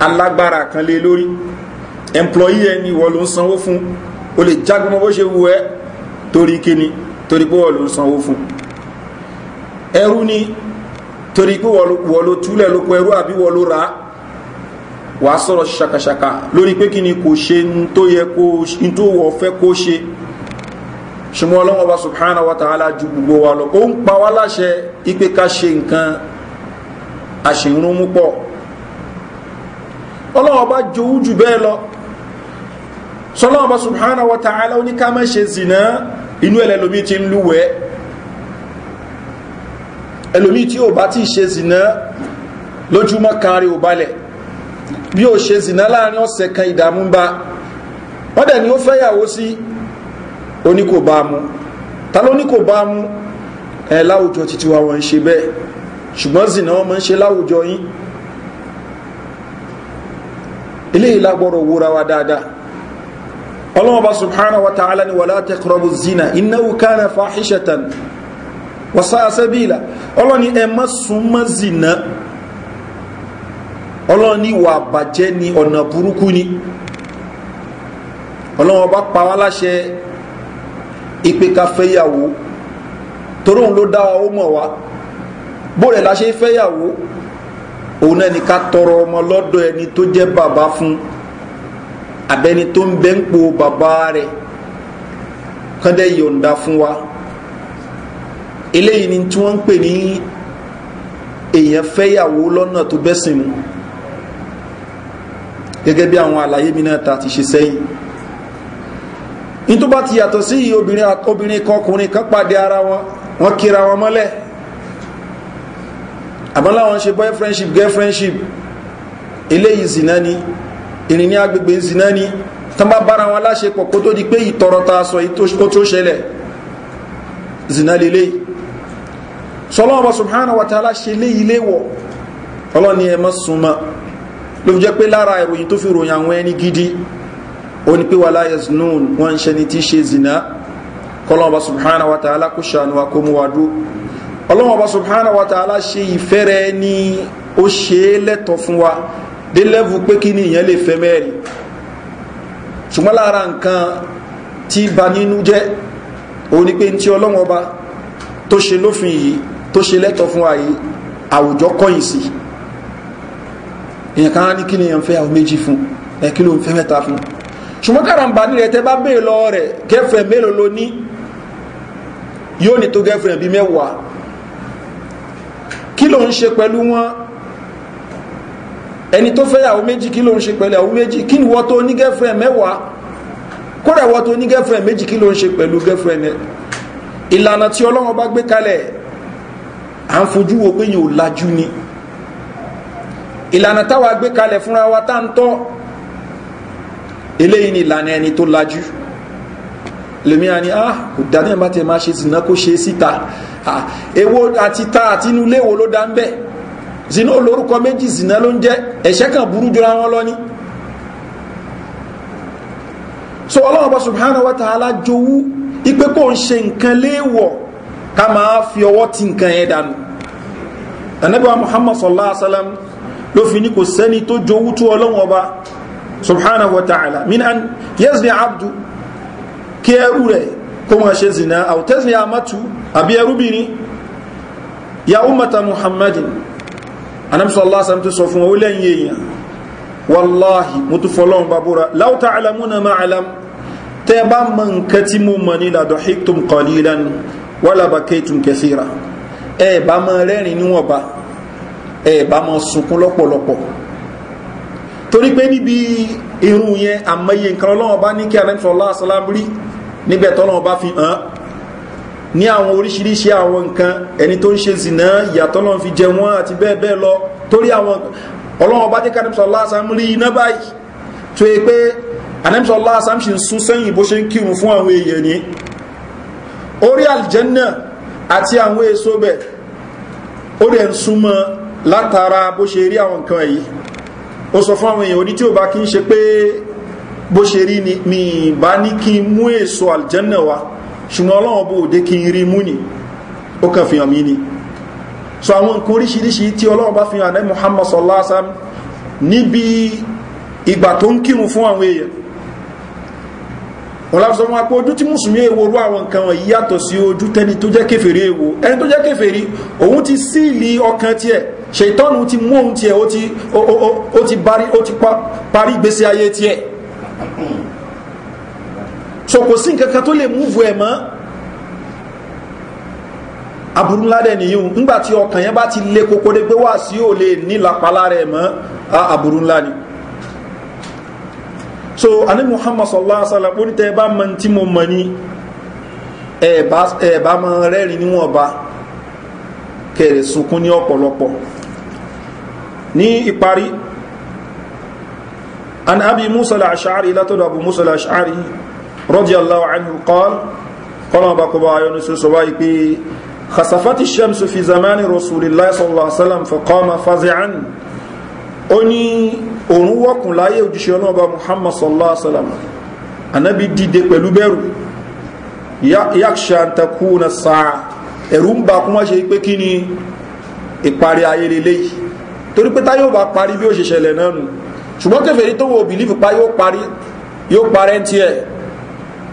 alágbára kan lé lórí employee ẹni wọ́n ló ń sanwó fún o lè jágun mọ́ bó ṣe wù ẹ́ torí kí ni torí pé wọ́n ló ń sanwó fún ẹrú ni torí pé wọ́n ló túlẹ̀ ló pọ̀ ẹrú àbí wọ́n ló rà wà á sọ̀rọ̀ ṣàkàṣàkà lórí pé kí ni kò ṣe n tó yẹ kó n tó wọ̀ fẹ́ kó ṣe ṣùgbọ́n ọlọ́wọ́ bá subhanahu wa ta'ala ju gbogbo wa lọ ó ń pa wá láṣẹ ipe ká ṣe nǹkan àṣìrún pọ̀ ọlọ́wọ́ bá jowú jù bẹ́ẹ̀ lọ sọlọ́wọ́ bá subhana wa ta'ala ó ní ká má ṣe zìnà inú ẹlẹ́lòmí ti ń lúwẹ̀ ẹlòmí tí ò bá ti ṣe zìnà lójúmọ́ kan rí ò balẹ̀ bí ó ṣe zìnà láàrin ọ̀sẹ̀ kan ìdààmú bá wọ́n ni ó fẹ́yàwó sí oníkòbámu ta ló ní kò bá mú ẹ láwùjọ títí wa wọ́n ń ṣe bẹ́ẹ̀ ṣùgbọ́n zìnà wọ́n ń ṣe láwùjọ yín eléyìí lágbọ́rọ̀ wúra wa dáadáa ọlọ́wọ́ bá subhanahu wa ta'ala ni wàlá tẹ́kọrọ̀bù zina ináwó kánà fàáhíṣẹ̀tàn wàsá àṣẹ́bíìlà ọlọ́ni ẹ má súnmọ́ zina ọlọ́ni wà bàjẹ́ ni ọ̀nà burúkú ni ọlọ́wọ́ bá pa ìpè ká toróhùn ló dá wa ó láṣẹ fẹ́yàwó òun náà ni ká tọrọ ọmọ ẹni tó jẹ́ bàbá fún abẹ́ni tó ń bẹ ń po bàbá rẹ̀ kọ́dẹ̀ yọ̀ǹda fún wa eléyìí ni tí wọ́n ń pè ní èèyàn fẹ́yàwó lọ́nà tó bẹ́sìn gẹ́gẹ́ bí àwọn àlàyé mi náà ta ti ṣe sẹ́yìn wọn kíra wọn mọ́lẹ̀ àmọ́ láwọn ṣe boyfriendship girlfriendship eléyìí zina ni ìrìn ní agbègbè zina ni tán bá bára wọn láṣepọ̀ kó tó di pé ìtọrọ ta sọ tó ṣẹlẹ̀ zina lélẹ̀ sọlọ́ọ̀bọ̀ subhanahu wa ta'ala ṣe léyìí léwọ̀ ọlọ́ni ẹ mọ́ súnmọ́ ló fi jẹ́ pé lára ìròyìn tó fi ròyìn àwọn ẹni gidi ó ní pé wà láyé zinun wọ́n ń ṣe ni tí ṣe zina kọlọ́ọ̀bọ̀ subhanahu wa ta'ala kó ṣàánú wa ọlọ́wọ́n bá subhanahu wa ta'ala ṣe ìfẹ́ rẹ ní ó ṣe é lẹ́tọ̀ fún wa dé lẹ́vù pé kí ni ìyẹn lè fẹ́ mẹ́rin ṣùgbọ́n lára nǹkan tí ba nínú jẹ́ òun ni pé ní tí ọlọ́wọ́n bá tó ṣe lófin yìí tó ṣe lẹ́tọ̀ fún wa yìí àwùjọ kọ́yìn sí èèyàn kan ní kí ni èèyàn fẹ́ àwọn méjì fún ẹ kí ló ń fẹ́ mẹ́ta fún ṣùgbọ́n kàràǹbà nílẹ̀ tẹ́ bá bèè lọ rẹ̀ gẹ́fẹ̀ mélòó ló ní yóò ní tó gẹ́fẹ̀ bí mẹ́wàá kí ló ń ṣe pẹ̀lú wọn ẹni tó fẹ́ yàwó méjì kí ló ń ṣe pẹ̀lú yàwó méjì kí ni wọ́n tó ní gẹ́fẹ́ mẹ́wàá kódà wọ́n tó ní gẹ́fẹ́ méjì kí ló ń ṣe pẹ̀lú gẹ́fẹ́ ẹ̀ ìlànà tí ọlọ́wọ́n bá gbé kalẹ̀ à ń fojú wo pé yóò lajú ni ìlànà táwa gbé kalẹ̀ fúnra wa tá ń tọ́ eléyìí ni ìlànà ẹni tó lajú lèmi à ah kò dání ẹ̀ bá tẹ̀ máa ṣe sìnà kó ṣe síta Ewo àti ta àti inú ilé wo ló dá ń bẹ́ zina olórúkọ méjì zina ló ń jẹ́ ẹ̀ṣẹ́ kan burú jura wọn lọ ni so ọlọ́run bá subhanahu wa ta'ala jowú ipé kò ń ṣe nǹkan léèwọ̀ ká máa fi ọwọ́ ti nǹkan ẹ̀ dànù anabiwa muhammad sallallahu alaihi wasallam sallam ló fi ní kò sẹ́ni tó jowú tó ọlọ́run ọba subhanahu wa ta'ala min an yasbi abdu kí ẹrú rẹ̀ kó wọn ṣe zina àwòtẹ́sí àmàtú àbí ẹrúbìnrin ya umata muhammadin anamsọ allah sam ti sọ fún wọn ó lẹ́yìn èèyàn wàláhì mo tún fọlọ́run babura láwùtà alamúna máa alam tẹ́ bá mọ nǹkan tí mo mọ̀ ní ladọ̀ hiktum kọ̀lílan wàlábàkẹ́tùm kẹfìrà ẹ bá mọ rẹ́rìn níwọ̀nba ẹ bá mọ sunkún lọ́pọ̀lọpọ̀ torí pé níbi irun yẹn àmọye nǹkan ọlọ́wọ́n bá ní kí anamsọ allah salam rí níbẹ̀ tọ́lọ́wọ́n bá fi hàn ní àwọn oríṣiríṣi àwọn nǹkan ẹni tó ń ṣe zìnà ìyà tọ́lọ́wọ́n fi jẹ wọ́n àti bẹ́ẹ̀ bẹ́ẹ̀ lọ torí àwọn ọlọ́wọ́n bá dé kánẹ́bùsọ̀ lásán rí iná báyìí tó yẹ pé anẹ́bùsọ̀ lásán ṣe ń sún sẹ́yìn bó ṣe ó sọ fún àwọn èèyàn oní tí ò bá kí ń ṣe pé bó ṣe rí ni mi bá ní kí n mú èso aljanna wa ṣùgbọ́n ọlọ́wọ́n bó dé kí n rí mú ni ó kàn fi hàn mí ni so àwọn nǹkan oríṣiríṣi tí ọlọ́wọ́n bá fi hàn ní muhammad sallallahu alaihi wasallam níbi ìgbà tó ń kírun fún àwọn èèyàn wọn láti sọ wọn pé ojú tí mùsùlùmí èwo rú àwọn nǹkan wọn yíyàtọ̀ sí ojú tẹni tó jẹ́ kèfèrí èwo ẹni tó jẹ́ kèfèrí òun ti síìlì ọkàn tiẹ̀ ṣètọ́nù ti mú òun tiẹ̀ ó ti parí ìgbésí ayé tiẹ̀ so kò sí nǹkan kan tó lè múvù ẹ̀ mọ́ aburú ńlá dẹ̀ nìyí ńgbà tí ọkàn yẹn bá ti lé koko dé pé wá sí ò lè nílapa lára ẹ̀ mọ́ aburú ńlá ni so ani muhammad sallallahu alaihi wa sallam ó ní tẹ́ ẹ bá mọ tí mo mọ ni ẹ bá mọ rẹ́rìn níwọ̀nba kẹrẹ̀ sunkún ní ọ̀pọ̀lọpọ̀ ní ìparí an abi musa al-ashari látọ̀dọ̀ abu musa al-ashari رضي الله عنه قال قال بقبا يونس سوايبي خسفت الشمس في زمان رسول الله صلى الله عليه وسلم فقام فزعا oni òun wọ́kùn láyé òjíṣẹ́ ọlọ́ọ̀bá muhammad sallallahu alaihi wasallam anábi dìde pẹ̀lú bẹ̀rù yàkṣàntakú na sáà ẹ̀rù ń bá kúmọ́ ṣe pé kí ni ìparí ayé lélẹ́yìí torí pé táyọ̀ bá parí bí ó ṣe ṣẹlẹ̀ náà nù ṣùgbọ́n kẹfẹ̀ẹ́ tó wo bìlífù pa yóò parí yóò parẹ́ ń tiẹ̀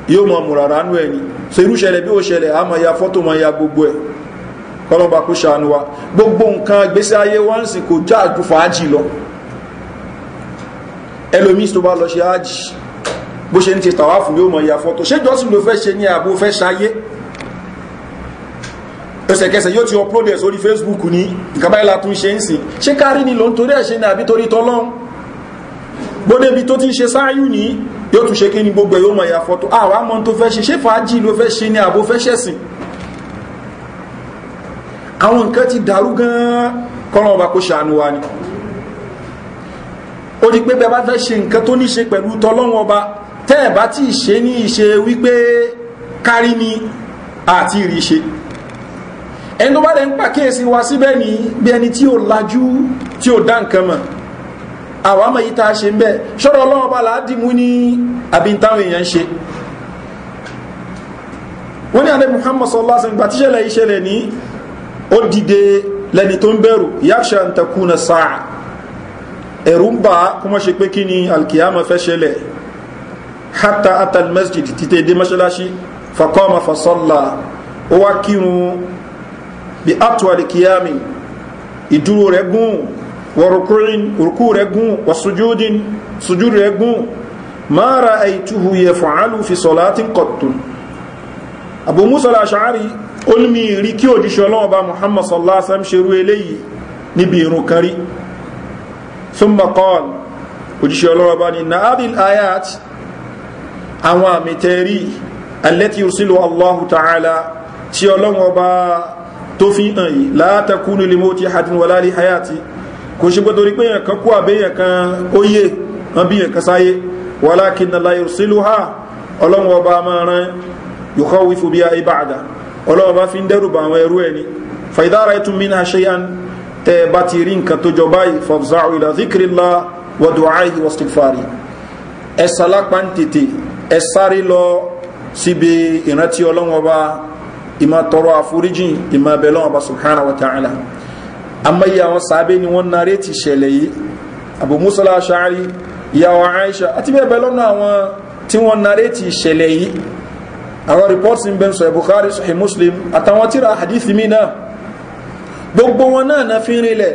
yóò mọ mùràrà nú ẹni so irú ṣẹlẹ̀ bí ó ṣẹlẹ̀ a máa ya fọ́tò máa ya gbogbo ẹ̀ kọ́lọ́ba kó ṣàánú wa gbogbo nǹkan gbésí ayé wá ń sìn kò já àjú fàájì lọ ẹlòmíín tó bá lọ ṣe ájì bó ṣe ń ti tàwá fún yóò mọ ya fọ́tò ṣé jọ́sìn ló fẹ́ ṣe ní àbó fẹ́ ṣayé ẹsẹ̀kẹsẹ̀ yóò ti upload ẹ̀ sórí facebook ní ìkàbá ìlà tún ṣe ń sìn ṣé kárí ni ló ń torí ẹ̀ ṣe ní àbí torí tọ́lọ́n gbódébi tó ti ń ṣe sáyù nìí yóò tún ṣe kí ní gbogbo yóò mọ̀ ya fọ́tò ah, àwa mọ́ tó fẹ́ ṣe ṣé fàájì ló fẹ́ ṣe ní àbò fẹ́ ṣẹ̀sìn àwọn nǹkan ti dàrú gan-an kọ́nà ọba kó ṣàánú wa ni ó di pé bẹ́ẹ̀ bá fẹ́ ṣe nǹkan tó ní ṣe pẹ̀lú tọlọ́wọ́n ọba tẹ́ ẹ̀ bá tí ì ṣe ní ìṣe wípé kárí ni àti ìrì ṣe ẹni tó bá lẹ́ ń pàkíyèsí wa síbẹ̀ ní bí ẹni tí ò lajú tí ò dá nǹkan mọ̀ àwọn àmọ̀ yìí tá a ṣe ń bẹ́ ṣọ́rọ̀ ọlọ́wọ́ bá láàdìmú ní àbí táwọn èèyàn ṣe wọ́n ní alẹ́ muhammad sallallahu alaihi gbà tíṣẹ́lẹ̀ ìṣẹ́lẹ̀ ní ó dìde lẹ́ni tó ń bẹ̀rù yaksha ń na sáà ẹ̀rù ń bà á kó mọ́ ṣe pé kí ni alkiyama fẹ́ ṣẹlẹ̀ hatta atal masjid títẹ̀ dé mọ́ṣáláṣí fakọ́ma fasọ́lá ó wá kírun bí atwal kiyami ìdúró rẹ̀ gùn wọ̀rùkúrin rùkú rẹ̀ gún wọ̀sùjúdín sùjú rẹ̀ gún ma ra'aytuhu yaf'alu fi salatin qattu Abu Musa al-Ash'ari olmi rí kí òjíṣẹ́ ọlọ́wọ́ bá Muhammad sallallahu alaihi wasallam ṣe rú eléyìí níbi ìrun kan rí thumma qala òjíṣẹ́ ọlọ́wọ́ bá ní na adil ayat àwọn àmì tẹ́rí yursilu Allahu ta'ala tí ọlọ́wọ́ bá tó fi hàn la takunu li mawti hadin wala li hayati kò ṣe gbọ́dọ̀ rí pé èèyàn kan kú àbẹ́yàn kan ó yé wọn bí èèyàn kan sáyé walakinna la yursiluha ọlọ́run ọba máa rán yukhawifu biha ibada ọlọ́run ọba fi ń dẹ́rù bá àwọn ẹrú ẹni fa idha ra'aytum minha shay'an tẹ́ ẹ bá ti rí nǹkan tó jọ báyìí fafza'u ila dhikrillah wa du'aihi wa istighfari ẹ sálápá ń tètè ẹ sáré lọ síbi ìrántí ọlọ́run ọba ìmọ̀ tọrọ àforíjìn ìmọ̀ abẹ́lọ́run ọba subhanahu wa ta'ala amáyé àwọn sàábé ni wọ́n narẹ́ ti ṣẹlẹ̀ yìí Abu Musa al-Ash'ari ìyàwó Aisha àti bẹ́ẹ̀ bẹ́ẹ̀ lọ́nà àwọn tí wọ́n narẹ́ ti ṣẹlẹ̀ yìí àwọn rìpọ́tì ń bẹ́ sọ Bukhari Sahih Muslim àtàwọn tíra hadith mi náà gbogbo wọn náà na fi rinlẹ̀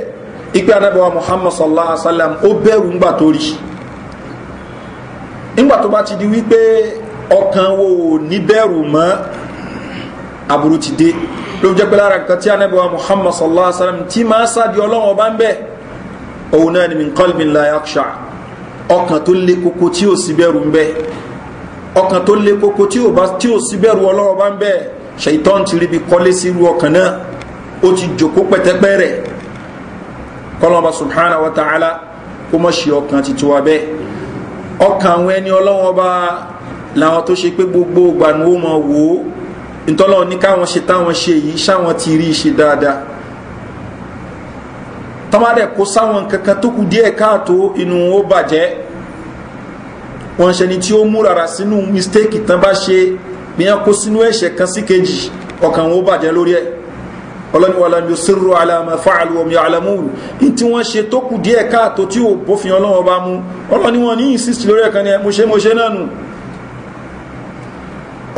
ipe anábẹ́wà Muhammad sallallahu alaihi wa sallam ó bẹ̀rù ńgbà tó rí ńgbà tó ti di wípé ọkàn wo ò ní mọ́ aburú ti dé ló jẹ́ pé lára nǹkan tí ànábì wa muhammad sallallahu alaihi wa sallam tí máa sáàdì ọlọ́run ọba ń bẹ̀ òun náà ni min qalbin la yakhsha ọkàn tó lé koko tí ò sí bẹ̀rù ń bẹ̀ ọkàn tó lé koko tí ò sí bẹ̀rù ọlọ́run ọba ń bẹ̀ ṣèitán ti ríbi kọ́lé sí irú ọkàn náà ó ti jòkó pẹ̀tẹ́pẹ́ rẹ̀ kọ́lọ́ba subhanahu wa ta'ala kó mọ̀ ṣe ọkàn ti tó wa bẹ́ẹ̀ ọkàn àwọn ẹni ọlọ́run ọba làwọn tó ṣe pé gbogbo ìgbà ni wò ó ntọ́lọ́ ní káwọn ṣe táwọn ṣe yìí ṣáwọn ti rí ṣe dáadáa tọ́mádẹ̀ kó sáwọn kankan tó kù díẹ̀ káàtó inú ó bàjẹ́ wọ́n ṣe ni tí ó múrara sínú mistake tán bá ṣe bíyàn kó sínú ẹ̀ṣẹ̀ kan sí kejì ọkàn ó bàjẹ́ lórí ẹ̀ ọlọ́ni wà lámi òṣèrò àlàmà fáàlù ọmọ àlàmúhù ní tí ṣe tó kù káàtó tí ò bófin ọlọ́wọ́ bá mú ọlọ́ni wọn ní insist lórí ẹ̀kan ni mo ṣe mo ṣe náà nù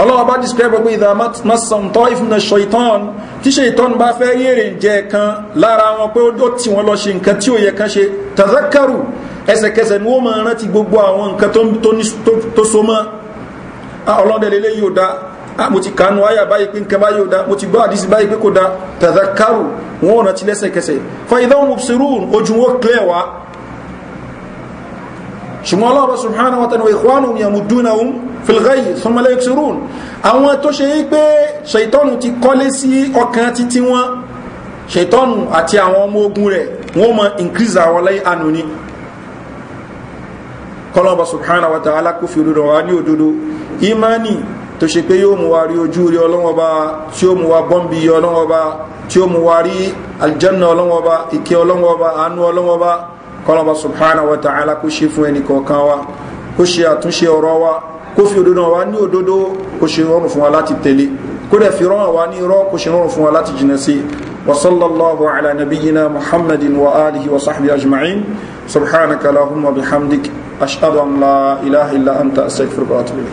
ọlọ́wọ́ bá describe pé ìdá masantọ́ ìfúnna ṣọ̀ìtàn tí ṣọ̀ìtàn bá fẹ́ yèrè jẹ kan lára wọn pé ó tí wọn lọ ṣe nǹkan tí ó yẹ kan ṣe tazakaru ẹsẹ̀kẹsẹ̀ ni ó máa rántí gbogbo àwọn nǹkan tó so mọ́ ah, ọlọ́dẹ̀lẹ́lẹ́ yóò dá ah, mo ti kanu àyà báyìí pé nǹkan báyìí ò dá mo ti gbọ́ àdísí báyìí pé kò dá tazakaru wọn ò rántí lẹ́sẹ̀kẹsẹ̀ fa ìdáhùn mubsirun ojú wọn clear wa ṣùgbọ́n ọlọ́rọ̀ subhanahu wa ta'ala ikhwanuhum yamuddunahum fil ghayyi thumma la yaksirun àwọn tó ṣe yí pé ṣètọ́nù ti kọ́lé sí ọkàn títí wọn ṣètọ́nù àti àwọn ọmọ ogun rẹ̀ wọ́n mọ increase àwọn láyé ànú ni kọlọ́bà subhanahu wa ta'ala kó fi rírọ̀ wá ní òdodo imani tó ṣe pé yóò mú wa rí ojú rí ọlọ́wọ́ba tí ó mú wa bọ́m̀bì ọlọ́wọ́ba tí ó mú wa rí aljanna ọlọ́wọ́ba ìkẹ́ ọlọ́wọ́ba àánú ọlọ́wọ́ba kọlọba subhanahu wa ta'ala kó ṣe fún ẹnìkọ̀ọ̀kan wa kó ṣe àtúnṣe ọ̀rọ̀ wa kó fi òdodo wa ní òdodo kó ṣe rọrùn fún wa láti tẹ̀lé kó dẹ̀ fi rọrùn wa ní irọ́ kó ṣe rọrùn fún wa láti jìnà sí وصلى الله على نبينا محمد وآله وصحبه أجمعين سبحانك اللهم وبحمدك أشهد أن لا إله إلا أنت أستغفرك وأتوب إليك